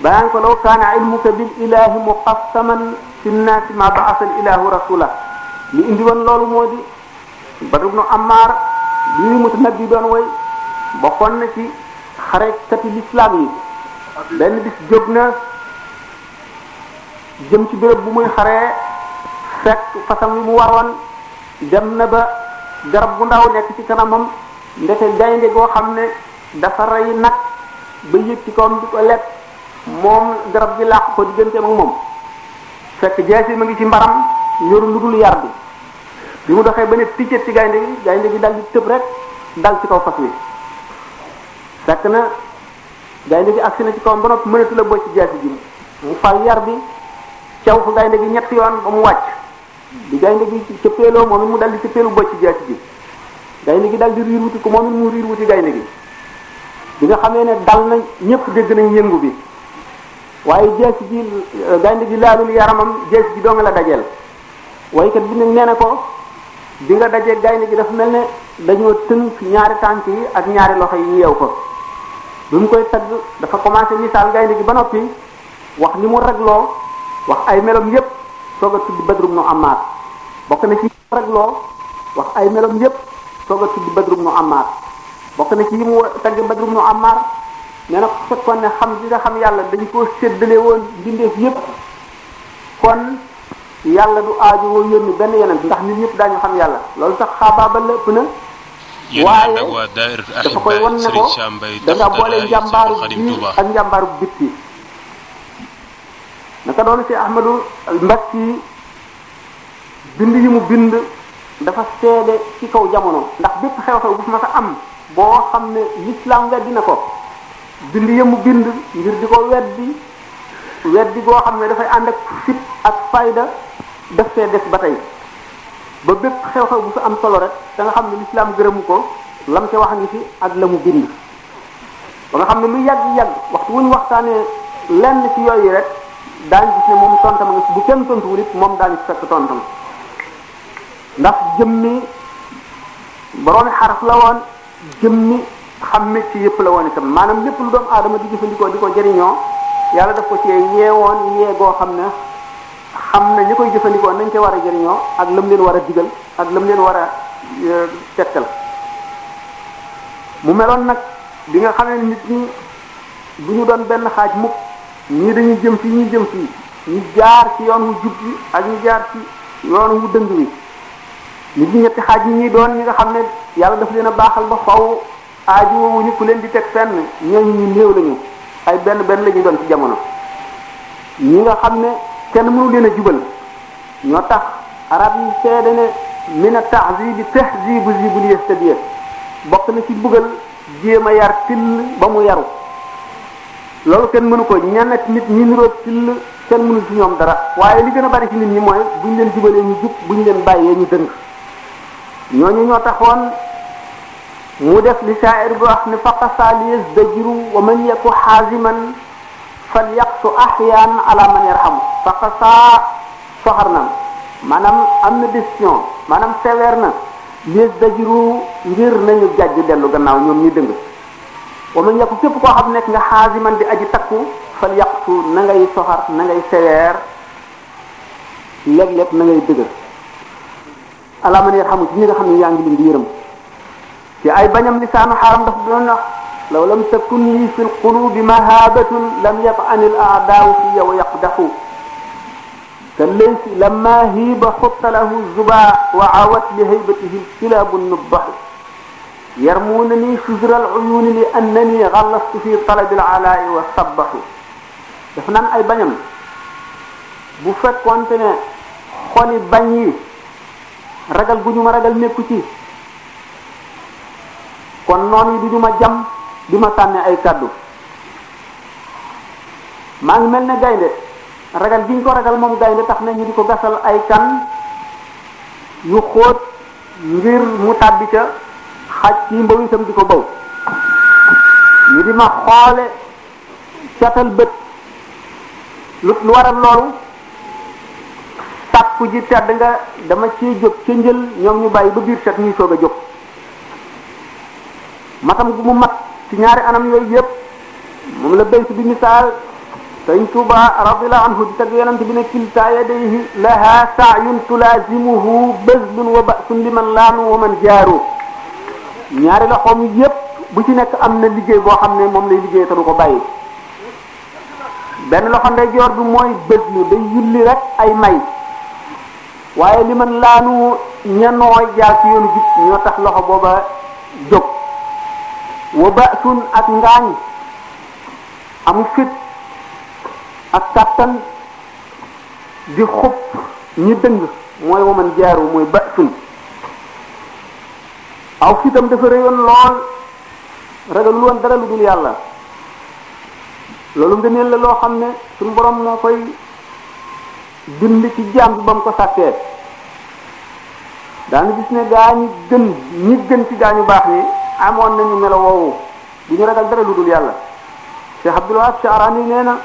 bayaan ko law kaana ilmuka bil ilahi muqassaman fi nnaasi ma baasa al ilahu li indi loolu moo di Badr ibn Ammar lii yi doon woy bokkoon na ci xarekati lislaam yi benn bis jóg na jëm ci béréb bu muy xaree fekk fasam yi mu waroon dem na ba garab gu ndaw nekk ci kanamam ndeke gaynde goo xam ne dafa rey nag ba yëg ci kawam di ko lekk moom garab gi làq ko digganteem ak moom fekk jeex yi ma ngi ci mbaram ñoru lu dul yar bi bi mu doxee ba ne ticcat ci gaynde gi gaynde gi dal di tëb rek dal ci kaw fas wi fekk na gaynde gi agsi na ci kawam ba noppi mënatu la bocc jaasi ji mu fal yar bi caw fa gaynde gi ñett yoon ba mu wàcc bi gaynde gi cëppeeloo moom mu dal di cëppeelu bocc jaasi ji gaynde gi dal di riir wuti ko moom it mu riir wuti gaynde gi bi nga xamee ne dal na ñëpp dégg nañ yëngu bi waaye jaasi ji gaynde gi laalul yaramam jaasi gi doo nga la dajeel waykat bi ne nee na ko bi nga dajee gaynde gi dafa mel ne dañoo tënk ñaari tànk yi ak ñaari loxo yi yeew ko bi mu koy tagg dafa commencé misaal gaynde gi ba noppi wax ni mu regloo wax ay melom yépp soog a tudd badrum nu amaat bokk na ci regloo wax ay melom yépp soog a tudd badrum nu amaat bokk na ci yi mu tagg badrum nu amaar nee na fekkoon ne xam di nga xam yàlla dañ koo séddale woon yépp kon yàlla du aajo woo yónni benn yeneen ndax nit ñëpp daañu xam yàlla loolu sax xaabaabal la ëpp na waaye dafa koy wan ne ko da nga boole njàmbaaru biir ak njàmbaaru bitti naka doon si Ahmadu Mbakki bind yi mu bind dafa seede ci kaw jamono ndax bépp xew-xew bu ma sa am boo xam ne lislaam weddi na ko bind yi bind ngir di ko weddi weddi goo xam ne dafay ànd ak fit ak fayda def fee des ba tey ba bépp xew-xew bu fi am solo rek da nga xam ne lislaam gërëmu ko lam ca wax ngi fi ak la mu bind ba nga xam ne lu yàgg-yàgg waxtu wuñu waxtaanee lenn ci yooyu rek daan gis ne moom tontam nga bu kenn tontuwul it moom daañu ci fekk tontam ndax jëmmi boroomi xaraf la woon jëmmi xam ne ci yëpp la woon itam maanaam lépp lu doomu aadama di jëfandikoo di ko jariñoo yàlla daf ko ci cee yeewoon yee goo xam ne xam na ñu koy jëfandikoon dañ koy war a jëriñoo ak lam leen war a digal ak lam leen war a euh, tegtal mu meloon nag bi nga xamee nit ñi bu ñu doon benn xaaj mukk ñii dañuy jëm fii ñuy jëm fii jaar ci yoon wu jub bi ak ñu jaar ci yoon wu dëng wi nit ñi ñetti xaaj yi ñuy doon ñi nga xam ne yàlla daf leen a baaxal ba faw aaju woowu ñu ku leen di teg fenn ñooñu ñu néew lañu ay benn benn la ñuy doon ci jamono ñi nga xam ne kenn mënu leen a jubal ñoo tax arab yi seede ne mina tahzibi bu zibul yastadiya bokk na ci bugal jéem a yar till ba mu yaru loolu kenn mënu ko ñenn nit ñi niroo till kenn mënu ci ñoom dara waaye li gën a bari ci nit ñi mooy buñ leen jubalee ñu jub buñ leen bàyyee ñu dëng ñooñu ñoo taxoon mu def li shaa'ir bu wax ni faqasa li yasdajiru wa man yaku xaasiman falyaqsu ahyaan ala man yarhamu faqasa soxar na maanaam am na décision maanaam sévère na li yasdajiru ngir nañu jàjj dellu gannaaw ñoom ñu dëng wa man yaku képp koo xam nekk nga xaasiman di aji takku falyaqsu na ngay soxar na ngay sévère léeg-léeg na ngay dëgër ala man yarhamu ci ñi nga xam ne yaa ngi leen di yërëm ci ay bañam lisaanu xaaram daf doon wax law lam takun lii fi lqulubi mahabatun lam yatani l aadaaw fi yow yaqdaxu te laysi lamma hiiba xutta lahu zuba wa awat li haybatihi lkilabu nubbaxu yarmuunani shuzra al uyuuni li annani xallastu fi talabi alalaai wa sabbaxu daf naan ay bañam bu fekkonte ne xoli bañ yi ragal gu ñu ma ragal nekku ci kon noon yi du ñu ma jam du ma sànni ay kàddu maa ngi mel ne gaynde ragal gi ñu ko ragal moom gaynde tax na ñu di ko gasal ay kan yu xóot ngir mu tàbbi ca xaj ci mbaw di ko baw ñu di ma xoole catal bët lu lu waral loolu tàkku ji tedd nga dama ciy jóg ca njël ñoom ñu bàyyi ba biir set ñuy soog a jóg matam gu mu mat ci ñaari anam yooyu yépp moom la bayt bi misaal sëñ Tuuba radiyallahu anhu di tagg yonent bi ne kilta yadayhi laha saayun tulaazimuhu bazlun wa basun liman laanu wa man jaaru ñaari loxoom yëpp bu ci nekk am na liggéey boo xam ne moom lay liggéey te du ko bàyyi benn loxo ndeyjoor bi mooy bëslu day yulli rek ay may waaye liman laanu ña nooy jaar ci yoonu jub ñoo tax loxo booba jóg wa ba'sun ak ngaañ am fit ak kàttan di xub ñi dëng mooy waman jaaru mooy ba'sun aw fitam dafa réyoon lool ragalul woon dara lu dul yàlla loolu ngëneel la loo xam ne suñu borom moo koy bind ci jaam bi ba ko sàkkee daana gis ne gaa ñi gën ñi gën ci gaa ñu baax ni amoon nañu melo woowu du ragal dara lu dul yàlla Cheikh Abdul Wahab Sha'rani nee na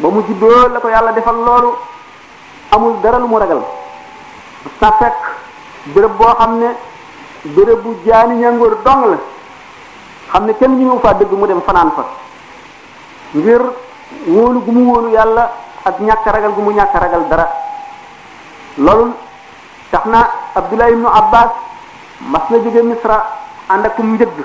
ba mu juddoo la ko yàlla defal loolu amul dara lu mu ragal sa fekk béréb boo xam ne béréb bu jaani ñàngoor dong la xam ne kenn ñu ñëw faa dëgg mu dem fanaan fa ngir wóolu gu mu wóolu yàlla ak ñàkk ragal gu mu ñàkk ragal dara loolu tax na Abdullah ibnu Abbas mas na jóge Misra ànd ak mu njëgg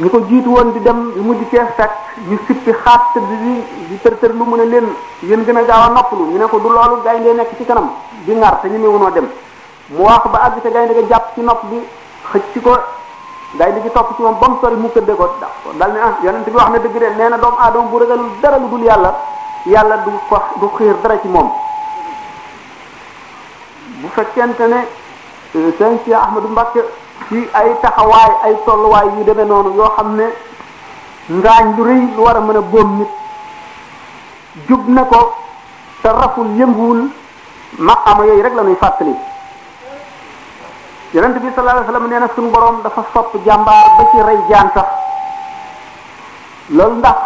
ñu ko jiitu woon di dem bi mu dikkee fekk ñu sippi xaat tëdd di di tër-tër lu mën a leen yéen gën a gaaw a noppalu ñu ne ko du loolu gaynde nekk ci kanam di ngar te ñu newunoo dem mu wax ba àgg te gaynde ga jàpp ci nopp bi xëcc ko gaynde gi topp ci moom ba mu sori mu këdde ko dal ne ah yonent bi wax na dëgg de nee na doomu aadama bu ragalul dara lu dul yàlla yàlla du ko du xiir dara ci moom bu fekkente ne euh, sëñ si Ahmadu Mbàkke ci ay taxawaay ay tolluwaay yu demee noonu yoo xam ne ngaañ lu rëy lu war a mën a boom nit jub na ko te raful yënguwul maqama yooyu rek la fàttali yonent bi sallallahu alayhi wasallam nee na suñu borom dafa sopp jàmbaar ba ci rey jaan sax loolu ndax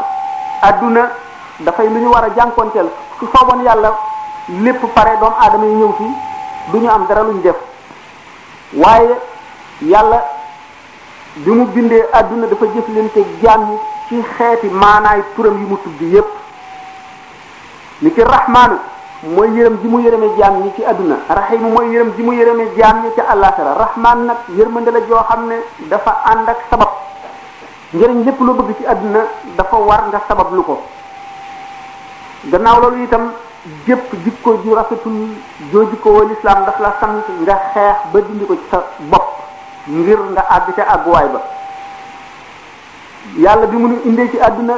adduna dafay lu ñu war a jànkoonteel su sooboon yàlla lépp pare doomu aadama yi ñëw fii du ñu am dara luñ def waaye yàlla bi mu bindee àdduna dafa jëflante jaam yi ci xeeti maanaay turam yi mu tudd yépp ni ki rahmaanu mooy yërëm ji mu yërëme jaam ñi ci àdduna rahimu mooy yërëm ji mu yërëme jaam ñi ci àllaaxira rahmaan nag yërmande la joo xam ne dafa ànd ak sabab njëriñ lépp loo bëgg ci àdduna dafa war nga sabab lu ko gannaaw loolu itam jëpp jikko ju rafetul joo jikko woo lislaam ndax la sant nga xeex ba dindi ko ci sa bopp ngir nga àgg ca àgguwaay ba yàlla bi mu nu indee ci àdduna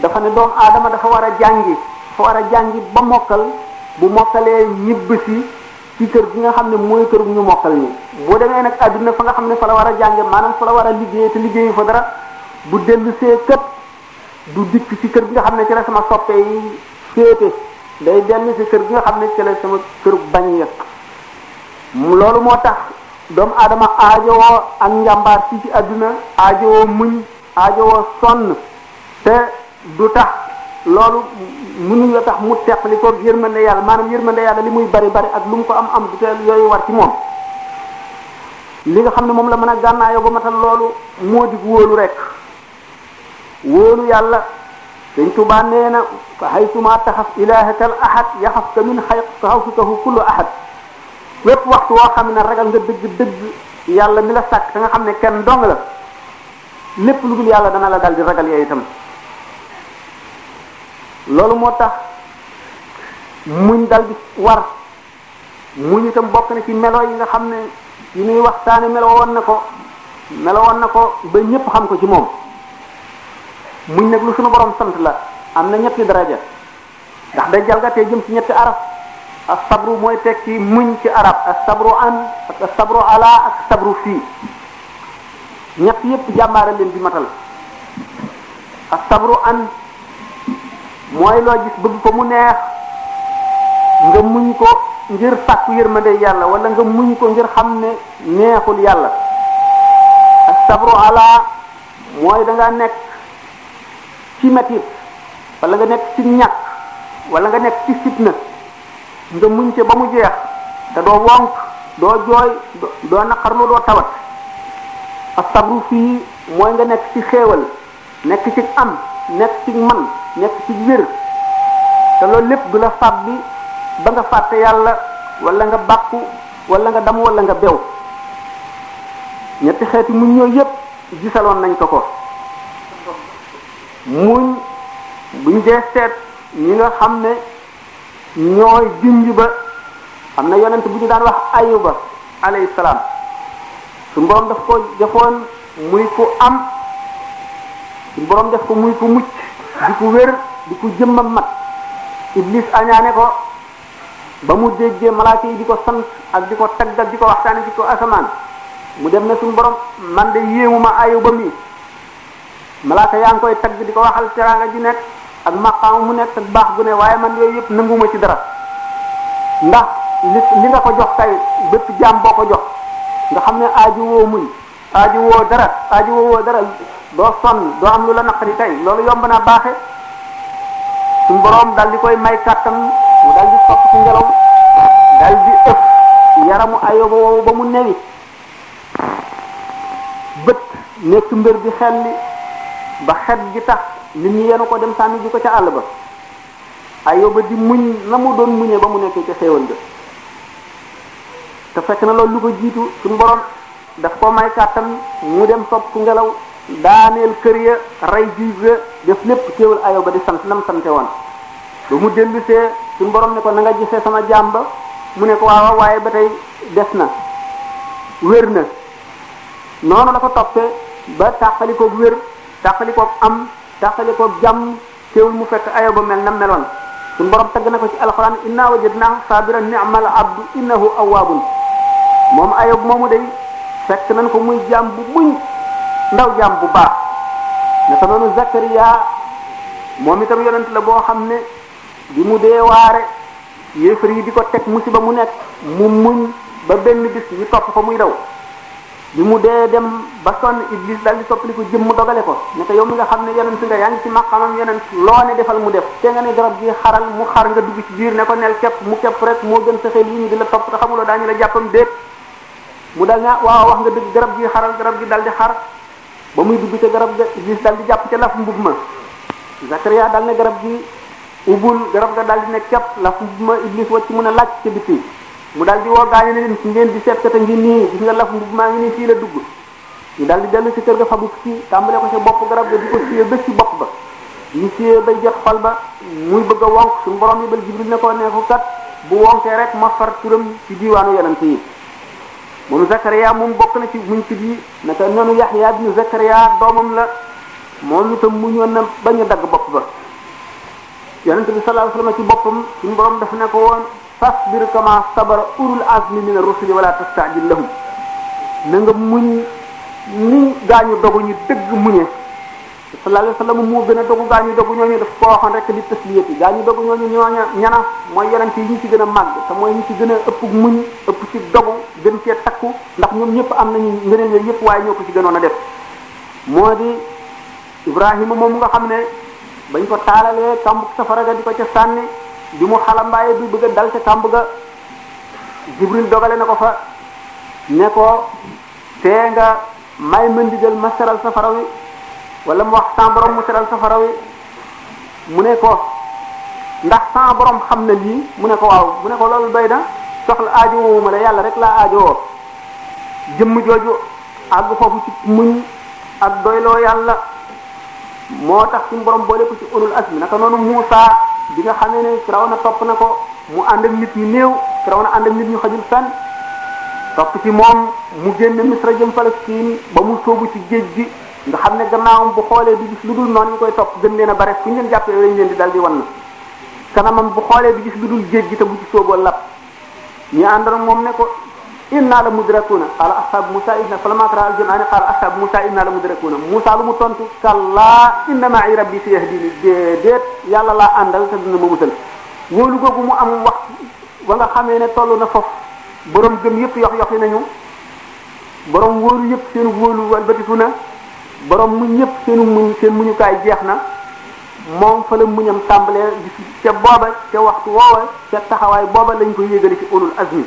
dafa ne doom aadama dafa war a jàngi dafa war a jàngi ba mokkal bu mokkalee ñibb si ci kër bi nga xam ne mooy kër bu ñu mokkal ni boo demee nag àdduna fa nga xam ne fa la war a jànge maanaam fa la war a liggéey te liggéeyu fa dara bu dellu see kët du dikk ci kër bi nga xam ne ci la sama soppe yi féete day dellu ci kër gi nga xam ne ci la sama këru bañ yëkk loolu moo tax doomu aadama aajowoo ak njàmbaar ci ci àdduna aajowoo muñ aajowoo sonn te du tax loolu nu la tax mu teqali ko yërmande yàlla maanaam yërmande yàlla li muy bari bari ak lu mu ko am am du teel yooyu war ci moom li nga xam ne moom la mën a gànnaayoo ba matal loolu moo di wóolu rek wóolu yàlla sëñ Tuubaa nee na fa haytuma taxaf ilaahaka al ahad yaxafka min xay taxawfutahu kullu ahad wépp waxtu woo xam ne ragal nga dëgg dëgg yàlla mi la sàkk nga xam ne kenn dong la lépp lu dul yàlla dana la dal di ragal yooyu itam loolu moo tax muñ dal di war muñ itam bokk na ci melo yi nga xam ne yi ñuy waxtaane melo woon na ko melo woon na ko ba ñépp xam ko ci moom muñ nag lu suñu borom sant la am na ñetti daraja ndax day te jëm ci ñetti arab ak sabru mooy tekki muñ ci arab ak sabru an ak sabru ala ak sabru fii ñett yépp jàmbaare leen di matal ak sabru an mooy loo gis bëgg ko mu neex nga muñ ko ngir sàkku yërmande yàlla wala nga muñ ko ngir xam ne neexul yàlla ak sabru ala mooy da nekk ci metit wala nga nekk ci ñàkk wala nga nekk ci na nga muñ ca ba mu jeex te doo wonk doo jooy doo naqarlu doo tawat asabru fii mooy nga nekk ci xéewal nekk ci am nekk ci man nekk ci wér te loolu lépp du la fab bi ba nga fàtte yàlla wala nga bàkku wala nga dam wala nga bew ñetti xeeti muñ ñooyu yépp gisaloon nañ ko ko muñ buñ dee seet ñi nga xam ne ñooy junj ba am na yonent bu ñu daan wax ayuba alayhi salaam suñu borom daf ko defoon muy ku am suñu borom def ko muy ku mucc di ku wér di ku jëmmam mat iblis añaane ko ba mu déggee malaaka yi di ko sant ak di ko taggal di ko waxtaane di ko asamaan mu dem ne suñu borom man de yéemu ma ayuba mi malaaka yaa ngi koy tagg di ko waxal teraanga ji nekk ak maqaam mu nekk ak baax gu ne waaye man yooyu yëpp nanguma ci dara ndax li li nga ko jox tey bépp jaam ko jox nga xam ne aaju woo muñ aaju woo dara aaju woo dara doo sonn doo am lu la naqari tey loolu yomb naa baaxe suñ dal di koy may kàttan mu dal di sopp ci ngelaw dal di ba mu newi bët nekk mbir bi xel ba xet gi tax nit ñi yenu ko dem sànni ji ko ca àll ba Ayóoba di muñ na mu doon muñee ba mu nekkee ca xéewal ga te fekk na loolu lu ko jiitu suñu borom daf ko may kàttan mu dem sopp ngelaw daaneel kër ya rey jiib ya def lépp teewul Ayóoba di sant nam sante woon ba mu dellusee suñu borom ne ko na nga gisee sama jaam ba mu ne ko waaw waaye ba tey des na wér na noonu la ko toppee ba tàqalikoo wér tàqali koog am tàqali koog jàmm teewul mu fekk ayoo ba mel na meloon suñu borom tagg na ko ci alxuraan inna wajadnaahu saabira ni'mal abdu innahu awwaabun moom ayoo moomu day fekk nañ ko muy jàmm bu muñ ndaw jàmm bu baax naka noonu Zakariya moom itam yonent la boo xam ne bi mu dee waare yéefar yi di ko teg musiba mu nekk mu muñ ba benn bis yi topp ko muy daw. bi mu dee dem ba sonn iblis dal di soppaliku jëm mu dogale ko ne ko yow mi nga xam ne yonent nga yaa ngi ci maqamam yonent loo ne defal mu def te nga ne garab gi xaral mu xar nga dugg ci biir ne ko nel kepp mu kepp rek moo gën sa xel yi ñu di la topp te xamuloo daañu la jàppam déet mu dal nga ah waaw wax nga dëgg garab gi xaral garab gi dal di xar ba muy dugg ca garab ga iblis dal di jàpp ca laf mbub ma Zakaria dal ne garab gi ubul garab ga dal di ne kepp laf mbub ma iblis wacc mun a laaj ca biti mu daal di woo gaañu ne leen ci ngeen di seet kata ngi nii gis nga laf mbub maa ngi nii fii la dugg ñu daal di dellu ci kër ga fabu ci tàmbale ko ci bopp garab ga di ko siyee ba ci bopp ba ñu siyee bay jot xol ba muy bëgg a wonk suñu borom yi bal jibril ne ko ne ko kat bu wonkee rek ma far turam ci diiwaanu yonent yi moom Zakaria moom bokk na ci muñ ci yi naka noonu Yaxya bi Zakaria doomam la moom itam muñoon na bañ a dagg bopp ba yonent bi sallallahu alayhi wasallam ci boppam suñu borom daf ne ko woon fasbir kama sabara ulul azmi mina rusuli wala tastajil lahum na nga muñ ni gaañu dogu ñu dëgg muñe sallallahu alayhi wa sallam moo gën a dogu gaañu dogu ñooñu daf ko waxoon rek li tasliyati gaañu ñu ñooñu ñooña ñana mooy yonent yi ñu ci gën a màgg te mooy ñu ci gën a ëpp muñ ëpp ci dogu gën cee takku ndax ñoom ñëpp am nañu ngëneel yooyu yëpp waaye ñoo ko ci gënoon a def moo di Ibrahima moom nga xam ne bañ ko taalalee kàmbu safara ga di ko ca sànni bi mu xalambaaye bi bëgg dal ca kàmb ga jibril dogale na ko fa ne ko tee nga may ma ndigal ma seral sa faraw yi wala mu wax sa borom mu seral sa mu ne ko ndax sa borom xam na lii mu ne ko waaw mu ne ko loolu bay na soxla aajowoo ma la yàlla rek laa aajowoo jëmm jooju àgg foofu ci muñ ak doyloo yàlla moo tax suñu borom boole ko ci ulul azmi naka noonu Muusaa bi nga xamee ne na topp na ko mu ànd ak nit ñu néew Firawna ànd ak nit ñu xajul fenn topp ci moom mu génn Misra jëm Palestine ba mu sóobu ci géej gi nga xam ne gannaawam bu xoolee du gis lu dul noonu ñu koy topp gën leen a bare fu ñu leen jàppee lañ leen di dal di wan kanamam bu xoolee du gis lu dul géej gi te bu ci sóoboo lap ñu àndoon moom ne ko inna la mudrakuna qala ashaabu musa inna falamma tara al-jam'ani qala ashaabu musa inna la mudrakuna musa lu mu tontu kalla inna ma'i rabbi sayahdini déedéet yàlla laa àndal te dina ma musal wóolu googu mu am wax ba nga xamee ne toll na foofu borom gëm yëpp yox yoxi nañu borom wóolu yëpp seen wóolu walbatiku na borom muñ yëpp seen muñ seen muñukaay jeex na moom mu la muñam tàmbalee gis ca booba ca waxtu woowa ca taxawaay booba lañ ko yëgale ci ulul azmi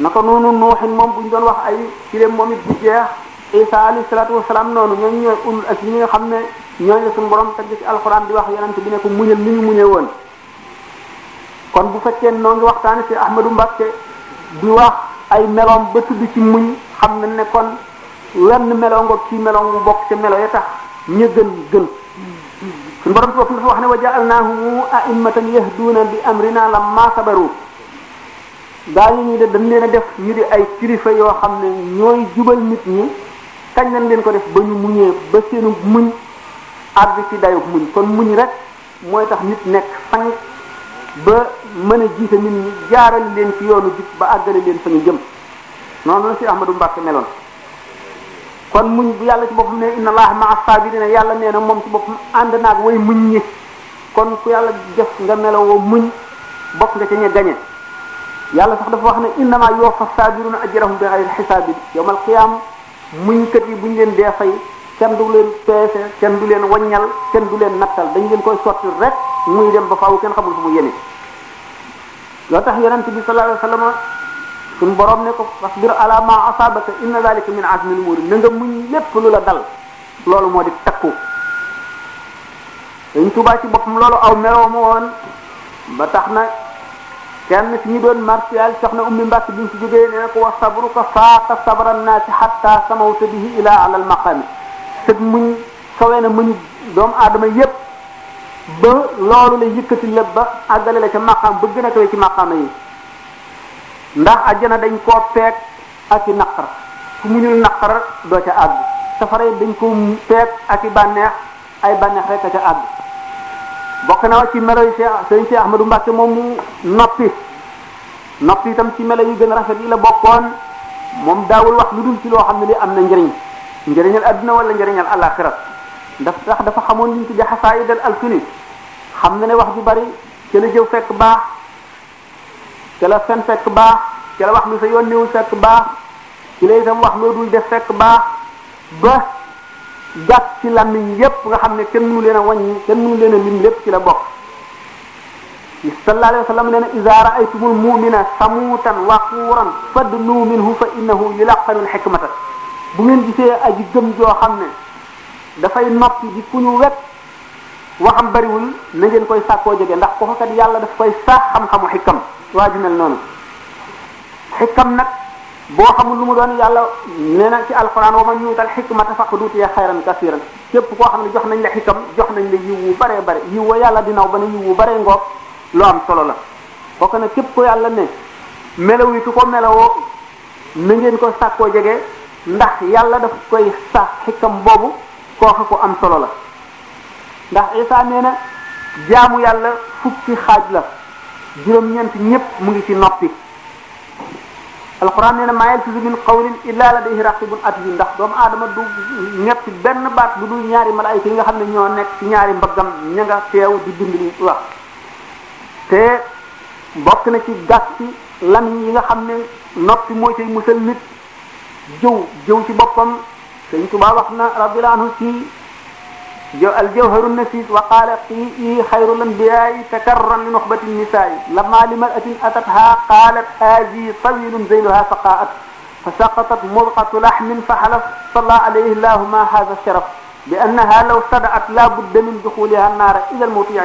naka noonu nuuxin moom bu ñu doon wax ay fileem moom it di jeex isa alayhi salaatu wasalaam noonu ñooñu ñooy ulul ak ñi nga xam ne ñooñu suñu borom tagg ci alxuraan di wax yonent bi ne ko muñal ni ñu bu fekkee noo ngi waxtaane ci Ahmadu Mbàkke di wax ay meloom ba xam na ne kon wenn meloo ngoog ci meloo mu melo ya tax ña gën gën ne wa ja'alnaahum a'immatan yahduuna bi amrina lamma sabaru gaa yi ñuy def dañ leen a def ñu di ay kilifa yoo xam ne ñooy jubal nit ñi kañ nañ leen ko def ba ñu muñee ba seenu muñ àgg ci dayu muñ kon muñ rek mooy tax nit nekk fan ba mën a nit ñi leen ci yoonu jub ba àggale leen fa ñu jëm noonu la si Ahmadou Mbacke meloon kon muñ bu yàlla ci boppam ne inna allaha ma'a yàlla nee na moom ci boppam ànd naag way muñ ñi kon ku yàlla def nga melowoo muñ bokk nga ca ña gañe yàlla sax dafa wax ne innama yuwaffa saabiruna ajrahum bi xayri xisaabin yowmal qiyaam muñkat yi buñ leen dee fay kenn du leen peese kenn du leen waññal kenn du leen nattal dañ leen koy sotti rek muy dem ba faaw kenn xamul fu mu yéene loo tax yonente bi sallallahu alayhi wasallam suñ borom ne ko wasbir ala ma asabaka inna dalika min azmil umur loolu moo di takku dañ tubaa ci boppam loolu aw meroo ma woon na kenn si ñu doon martial soxna ummi mbàkk bi ñu si jógee nee na ko wax sabru ko faaqa sabra naasi xatta samawta bihi ilaa alal maqami sëg muñ sowee na muñ doomu aadama yépp ba loolu la yëkkati lépp ba àggale maqam ba gën a kawe ci maqama yi ndax àjjana dañ koo peeg ak i ku muñul naqar doo ca àgg safara dañ ko peeg ak i bànneex ay bànneex rek a ca bokk na ci melo yi Cheikh sëriñ Cheikh Ahmadou Mbacke moom mu noppi tam itam ci melo yi gën a rafet yi la bokkoon moom daawul wax lu dul ci loo xam ne li am na njëriñ njëriñal adduna wala njëriñal àllaaxira daf tax dafa xamoon li ñu tuddee xasaayidal alkuni xam na ne wax ju bari ca la jëw fekk baax ca la fen fekk baax ca la wax lu sa yoon néew fekk baax ci la itam wax loo dul def fekk baax ba gàtt ci làmmiñ yépp nga xam ne kenn mënu leen a wàññi kenn mënu leen a lim lépp ci la bokk sallallahu alayhi wa sallam nee na iza ra'aytumul mu'mina samuutan waquuran fadnuu minhu fa innahu yulaqanul xikmata bu ngeen gisee aji gëm joo xam ne dafay noppi di ku ñu wet waxam bariwul na ngeen koy sàkkoo jege ndax kooku kat yàlla daf koy saax xam-xamu xikam waa ju mel noonu xikam nag boo xamul lu mu doon yàlla nee na ci alquran wa man yuutal xikmata faqad utiya xayran kasiran képp koo xam ne jox nañ la xikam jox nañ la yiw wu baree bare yiw wa yàlla dinaw ba ne yiw wu baree ngoog lu am solo la kooku nag képp ko yàlla ne melaw yi ku ko melawoo na ngeen ko sàkkoo jege ndax yàlla daf koy sax xikam boobu kooku ko am solo la ndax Isa nee na jaamu yàlla fukki xaaj la juróom-ñeent ñëpp mu ngi ci noppi alquran nee na maa yalfizu min qawlin illa ladayhi raqibun atid ndax doom aadama du ñetti benn baat bu dul ñaari malaayika yi nga xam ne ñoo nekk ci ñaari mbaggam ña nga teew di bind li te bokk na ci gas ci yi nga xam ne noppi moo cay musal nit jëw jëw ci boppam sëñ Tuubaa wax na radiyallahu anhu ci الجوهر النفيس وقال قيئي خير الانبياء تكررا لنخبه النساء لما لمراه اتتها قالت هذه طويل ذيلها فقاءت فسقطت مضغه لحم فحلف صلى عليه الله ما هذا الشرف بانها لو صدعت لا بد من دخولها النار الى المطيع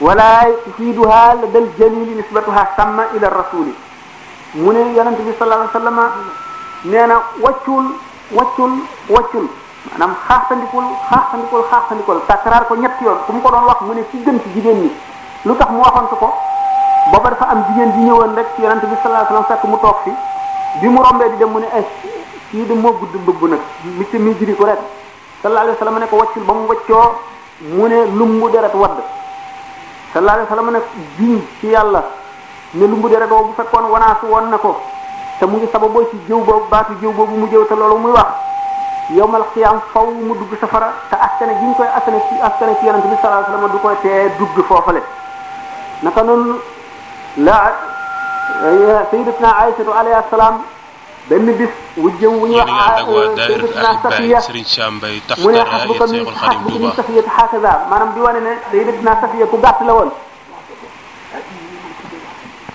ولا يفيدها لدى الجليل نسبتها ثم الى الرسول من يونس صلى الله عليه وسلم نينا وجل وجل وجل maanaam xaaxtandikul xaaxtandikul xaaxtandikul takraar ko ñetti yoon ku mu ko doon wax mu ne ci gën ci jigéen ñi lu tax mu waxoon ko booba dafa am jigéen ji ñëwoon rek ci bi sallallahu alayhi wasallam fekk mu toog fi bi mu rombee di dem mu ne ay eh, kii moo gudd mbubb nag mi ci mi jiri ko rek sallallahu alayhi ne ko waccul ba mu waccoo mu ne lumbu deret wadd sallallahu alayhi wasallam ne biñ ci yàlla ne lumbu deret woo bu fekkoon wanaasu woon na ko te mu ngi sababoo ci jëw boobu baatu jëw boobu mu jëw loolu muy wax yowmal xiyaam faw mu dugg safara te askane gi ñu koy askane ci askane ci yonente bi sallallahu alayhi wasallam du koy tee dugg foofale naka noonu la eh, sayidatuna aysatu alayhi salaam benn bis wu jëm wu ñu wax eh, sayidatuna safiya mu ne xas bu ko min xas bu ko min safiyatu hakaza maanaam di wane ne sayidatuna safiya ku gàtt la woon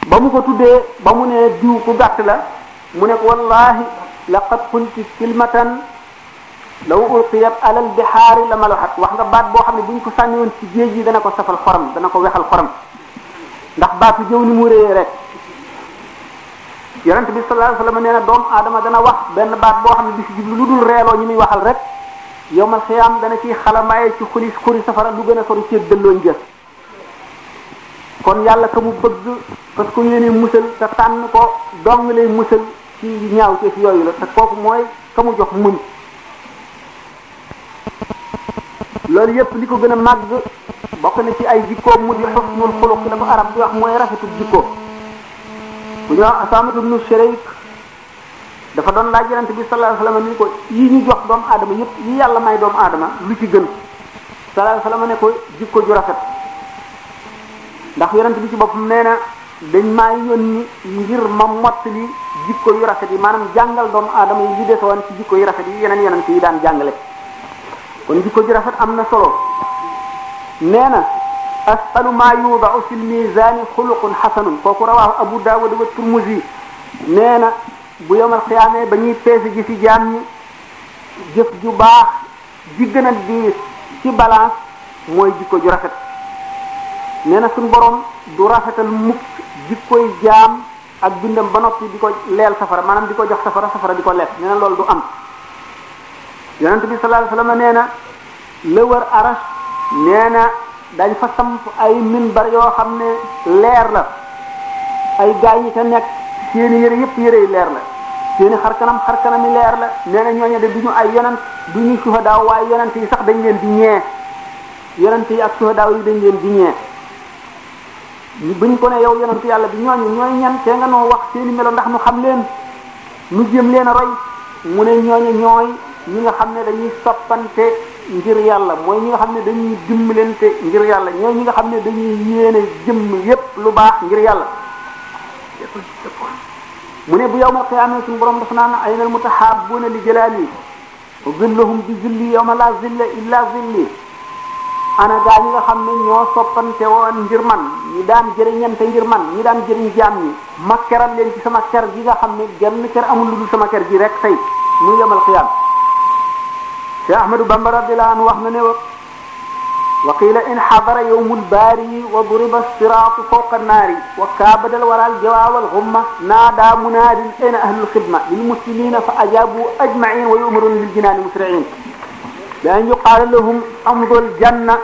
ba mu ko tuddee ba mu ne diw ku gàtt la mu ne ko wallahi laqad kunti kilmatan law ulqiyat alal bihaari la malahat wax nga baat boo xam ne bu ñu ko sànni woon ci géej gi dana ko safal xorom dana ko wexal xorom ndax baat bu jëw ni mu réyee rek yonent bi sallallahu alayhi wasallam nee na doomu dana wax benn baat boo xam ne bi si jublu lu dul reeloo ñi muy waxal rek yowmal xiyaam dana ciy xalamaaye ci xuli xuri safara lu gën a sori ceeb dëllooñ gës kon yàlla ka mu bëgg parce que yéene musal te tànn ko dong lay musal ci ñaaw ci yooyu la te kooku mooy ka mu jox muñ loolu yëpp li ko gën a màgg bokk na ci ay jikkoom mu di xusnul xuluq la ko arab di wax mooy rafetu jikko bu ñu wax asaamatu bnu shariik dafa doon laaj yonente bi sallallahu alayhi wasallam ni ko yi ñu jox doomu aadama yëpp yi yàlla may doomu aadama lu ci gën sallallahu alayhi wasallam ne ko jikko ju rafet ndax yonente bi ci boppam nee na dañ maa yónni ngir ma mottali jikko yu rafet yi maanaam jàngal doomu aadama yi li desoon ci jikko yu rafet yi yeneen yonente yi daan jàngale kon jikko ju rafet am na solo nee na asalu maa yuudau fi lmisaani xuluqun xasanun kooku rawaahu abu daawud wa turmusi nee na bu yomal xiyaamee ba ñuy peese ji ci jaam ñi jëf ju baax ji gën a diis ci balance mooy jikko ju rafet nee na suñ borom du rafetal mukk jikkoy jaam ak bindam ba noppi di ko leel safara maanaam di ko jox safara safara di ko lekk nee na loolu du am yonent bi sallallahu alayhi wasallam nee na la wër aras nee na dañ fa samp ay minbar yoo xam ne leer la ay gaa yi ca nekk seeni yëre yëpp yërey leer la seeni xar kanam xar kanam yi leer la nee na ñooñu de du ñu ay yonent du ñu suhadaaw waaye yonent yi sax dañ leen di ñee yonent yi ak suhadaaw yi dañ leen di ñee buñ ko ne yow yonentu yàlla bi ñooñu ñooy ñan te nga noo seeni melo ndax nu xam leen nu jëm leen a roy mu ne ñooy ñi nga xam ne dañuy soppante ngir yàlla mooy ñi nga xam ne dañuy dimbalante ngir yàlla ñooy ñi nga xam ne dañuy yéene jëmm yépp lu baax ngir yàlla mu ne bu yawmal qiyaama suñu borom dafa naan aynal mutahabbuuna li jalaali zillahum bi zilli yawma laa zilla illa zilli ana gaa ñi nga xam ne ñoo soppante woon ngir man ñi daan jëriñante ngir man ñi daan jëriñ jaam ñi ma keral leen ci sama ker gi nga xam ne genn ker amul lu dul sama ker gi rek tey muy yawmal qiyaama Cheikh Ahmadou Bamba radiyallahu anhu wax na ne wa wa qiila in xadara yowmul baari wa duriba siraatu fawqa naari wa kaabadal waraal jawaawal xumma naadaa munaadin ayna ahlul xidma lil muslimiina fa ajaabu ajmain wa yu'maruuna bil jinaani musriin bi an yuqaala lahum amdul janna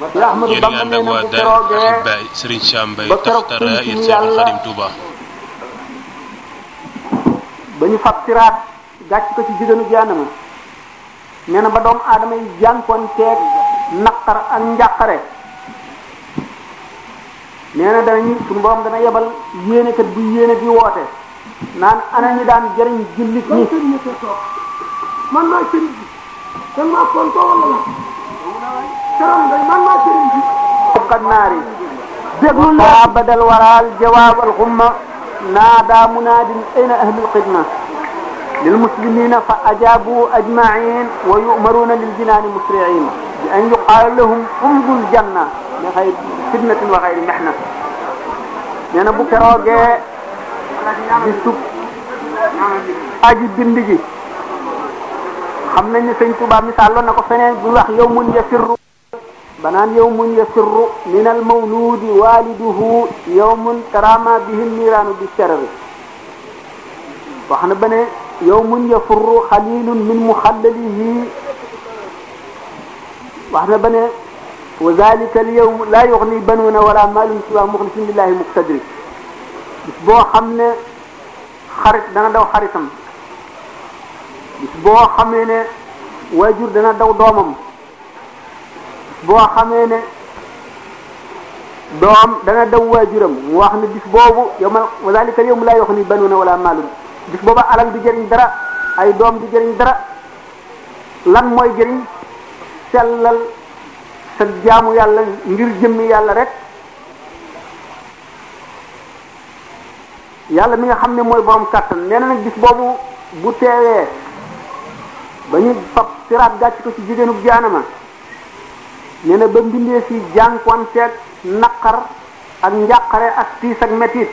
yéen a ngi ànd ak waa Daara Alhibaay Serigne Sam Mbaye taxtara it Seexul Xadim Touba. ba ñu fab siraat gàcc ko ci jigéenu jaanama nee na ba doomu aadama yi jànkuwanteeg naqar ak njàqare nee na danañu suñu borom dana yebal yéenekat bu yéene di woote naan ana ñi daan jëriñ jullit ñi. قد ناري تعبد الورى الجواب الغمة نادى مناد أين أهل القدمة للمسلمين فأجابوا أجمعين ويؤمرون للجنان مسرعين بأن يقال لهم امضوا الجنة من غير فتنة وغير محنة nee na bu keroogee di sub aji bind gi xam nañ ne sëñ Tuubaa misaal loon na ko feneen bu wax yow mun ya firru banaan yawmun yafirru min almawludi waliduhu yawmun karama bihi niiraanu bi sharri wax na ba ne yawmun yafirru xalilun min muxallalihi wax na ba ne wa zalika alyawm laa yuxni banuuna wala maalun siwa muxlisin lillahi muqtadiri bis boo xam ne xarit dana daw xaritam bis boo xamee ne waajur dana daw doomam boo xamee ne doom dana daw waajuram mu wax ne bis boobu yow ma wa zalika yawm laa yughni banuuna wala maalun bis booba alal du dara ay doom di jëriñ dara lan mooy jëriñ sellal sa jaamu yàlla ngir jëmmi yàlla rek yàlla mi nga xam ne mooy borom kàttan nee na nag bis boobu bu teewee ba ñu fab siraat gàcc ko ci jigéenu jaanama nee na ba mbindee fi jànkuwanteeg naqar ak njàqare ak tiis ak metit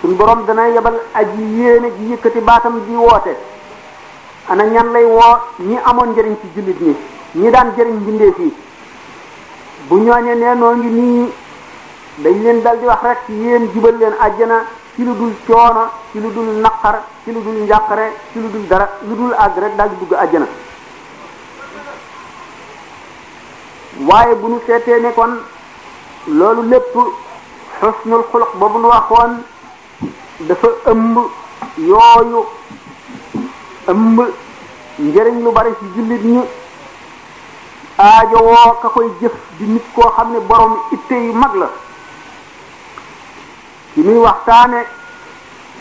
suñ borom dana yebal aji yéene ji yëkkati baatam di woote ana ñan lay woo ñi amoon njëriñ ci jullit ñi ñi daan jëriñ mbindee fii bu ñooñe nee noo nii dañ leen dal di wax rek yéen jubal leen àjjana ci lu dul coono ci lu dul naqar ci lu dul njàqare ci lu dul dara lu dul àgg rek daal di dugg àjjana waaye bu ñu seetee ne kon loolu lépp xusnul xuluq boobu nu waxoon dafa ëmb yooyu ëmb njëriñ lu bari ci jullit ñi aajowoo ka koy jëf di nit koo xam ne borom itte yu mag la ci muy waxtaane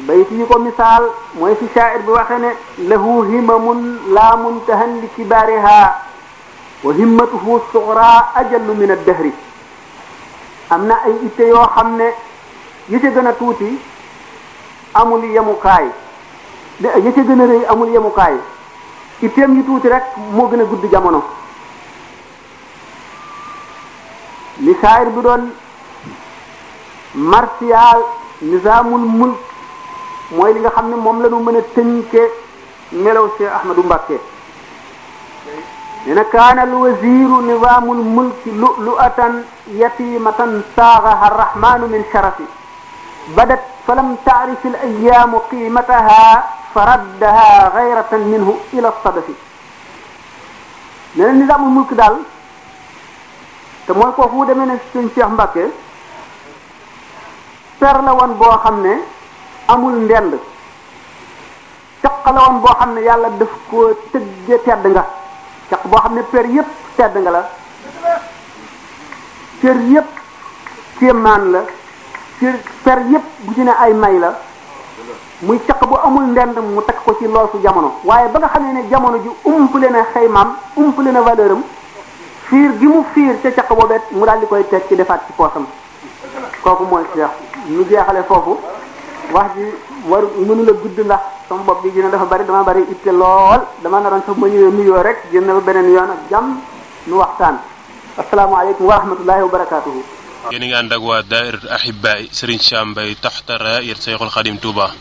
bayt yi ko misaal mooy fi shaa'ir bi waxe ne lahu himamun laa muntahan li kibaariha wa himmatuhu suxra ajallu min ad-dahri am na ay itte yoo xam ne yi ca gën a tuuti amul yemukaay yi ca gën a rëy amul yemukaay itteem yi tuuti rek moo gën a gudd jamono li saayir bi doon martial nizaamul mulk mooy li nga xam ne moom la ñu mën a tënke melaw Cheikh Ahmadou Mbacké nee na kaana al waziru nizaamul mulki lu'lu'atan yatimatan saagaha arrahmanu min sharafi badat falam taarif al ayyaamu qiimataha faraddaha gayratan minhu ila sadafi nee na nizaamul mulki daal te mooy foofu demee ne sëñ Cheikh Mbacke per la woon boo xam ne amul ndend caq la woon boo xam ne yàlla daf koo tëgge tedd nga caq boo xam ne per yépp tedd nga la cër yépp kéemaan la cër per yépp bu ci ne ay may la muy caq bu amul ndend mu takk ko ci loosu jamono waaye ba nga xamee ne jamono ji umpale na xaymaam umpale na valeur am fiir gi mu fiir ca caq boobet mu daal di koy teg ci defaat ci poosam kooku mooy seex ñu jeexale foofu wax ji war mënula gudd ndax sama bopp bi dina dafa bari dama bari itte lool dama naroon sax ma ñëwee nuyoo rek jënd ba beneen yoon ak jàmm nu waxtaan asalaamaaleykum wa rahmatullahi wa barakaatuhu. yéen a ngi ànd ak waa Daa'iratu Ahibaay Serigne Sam Mbaye taxta raayat Seyxul Xadim Touba.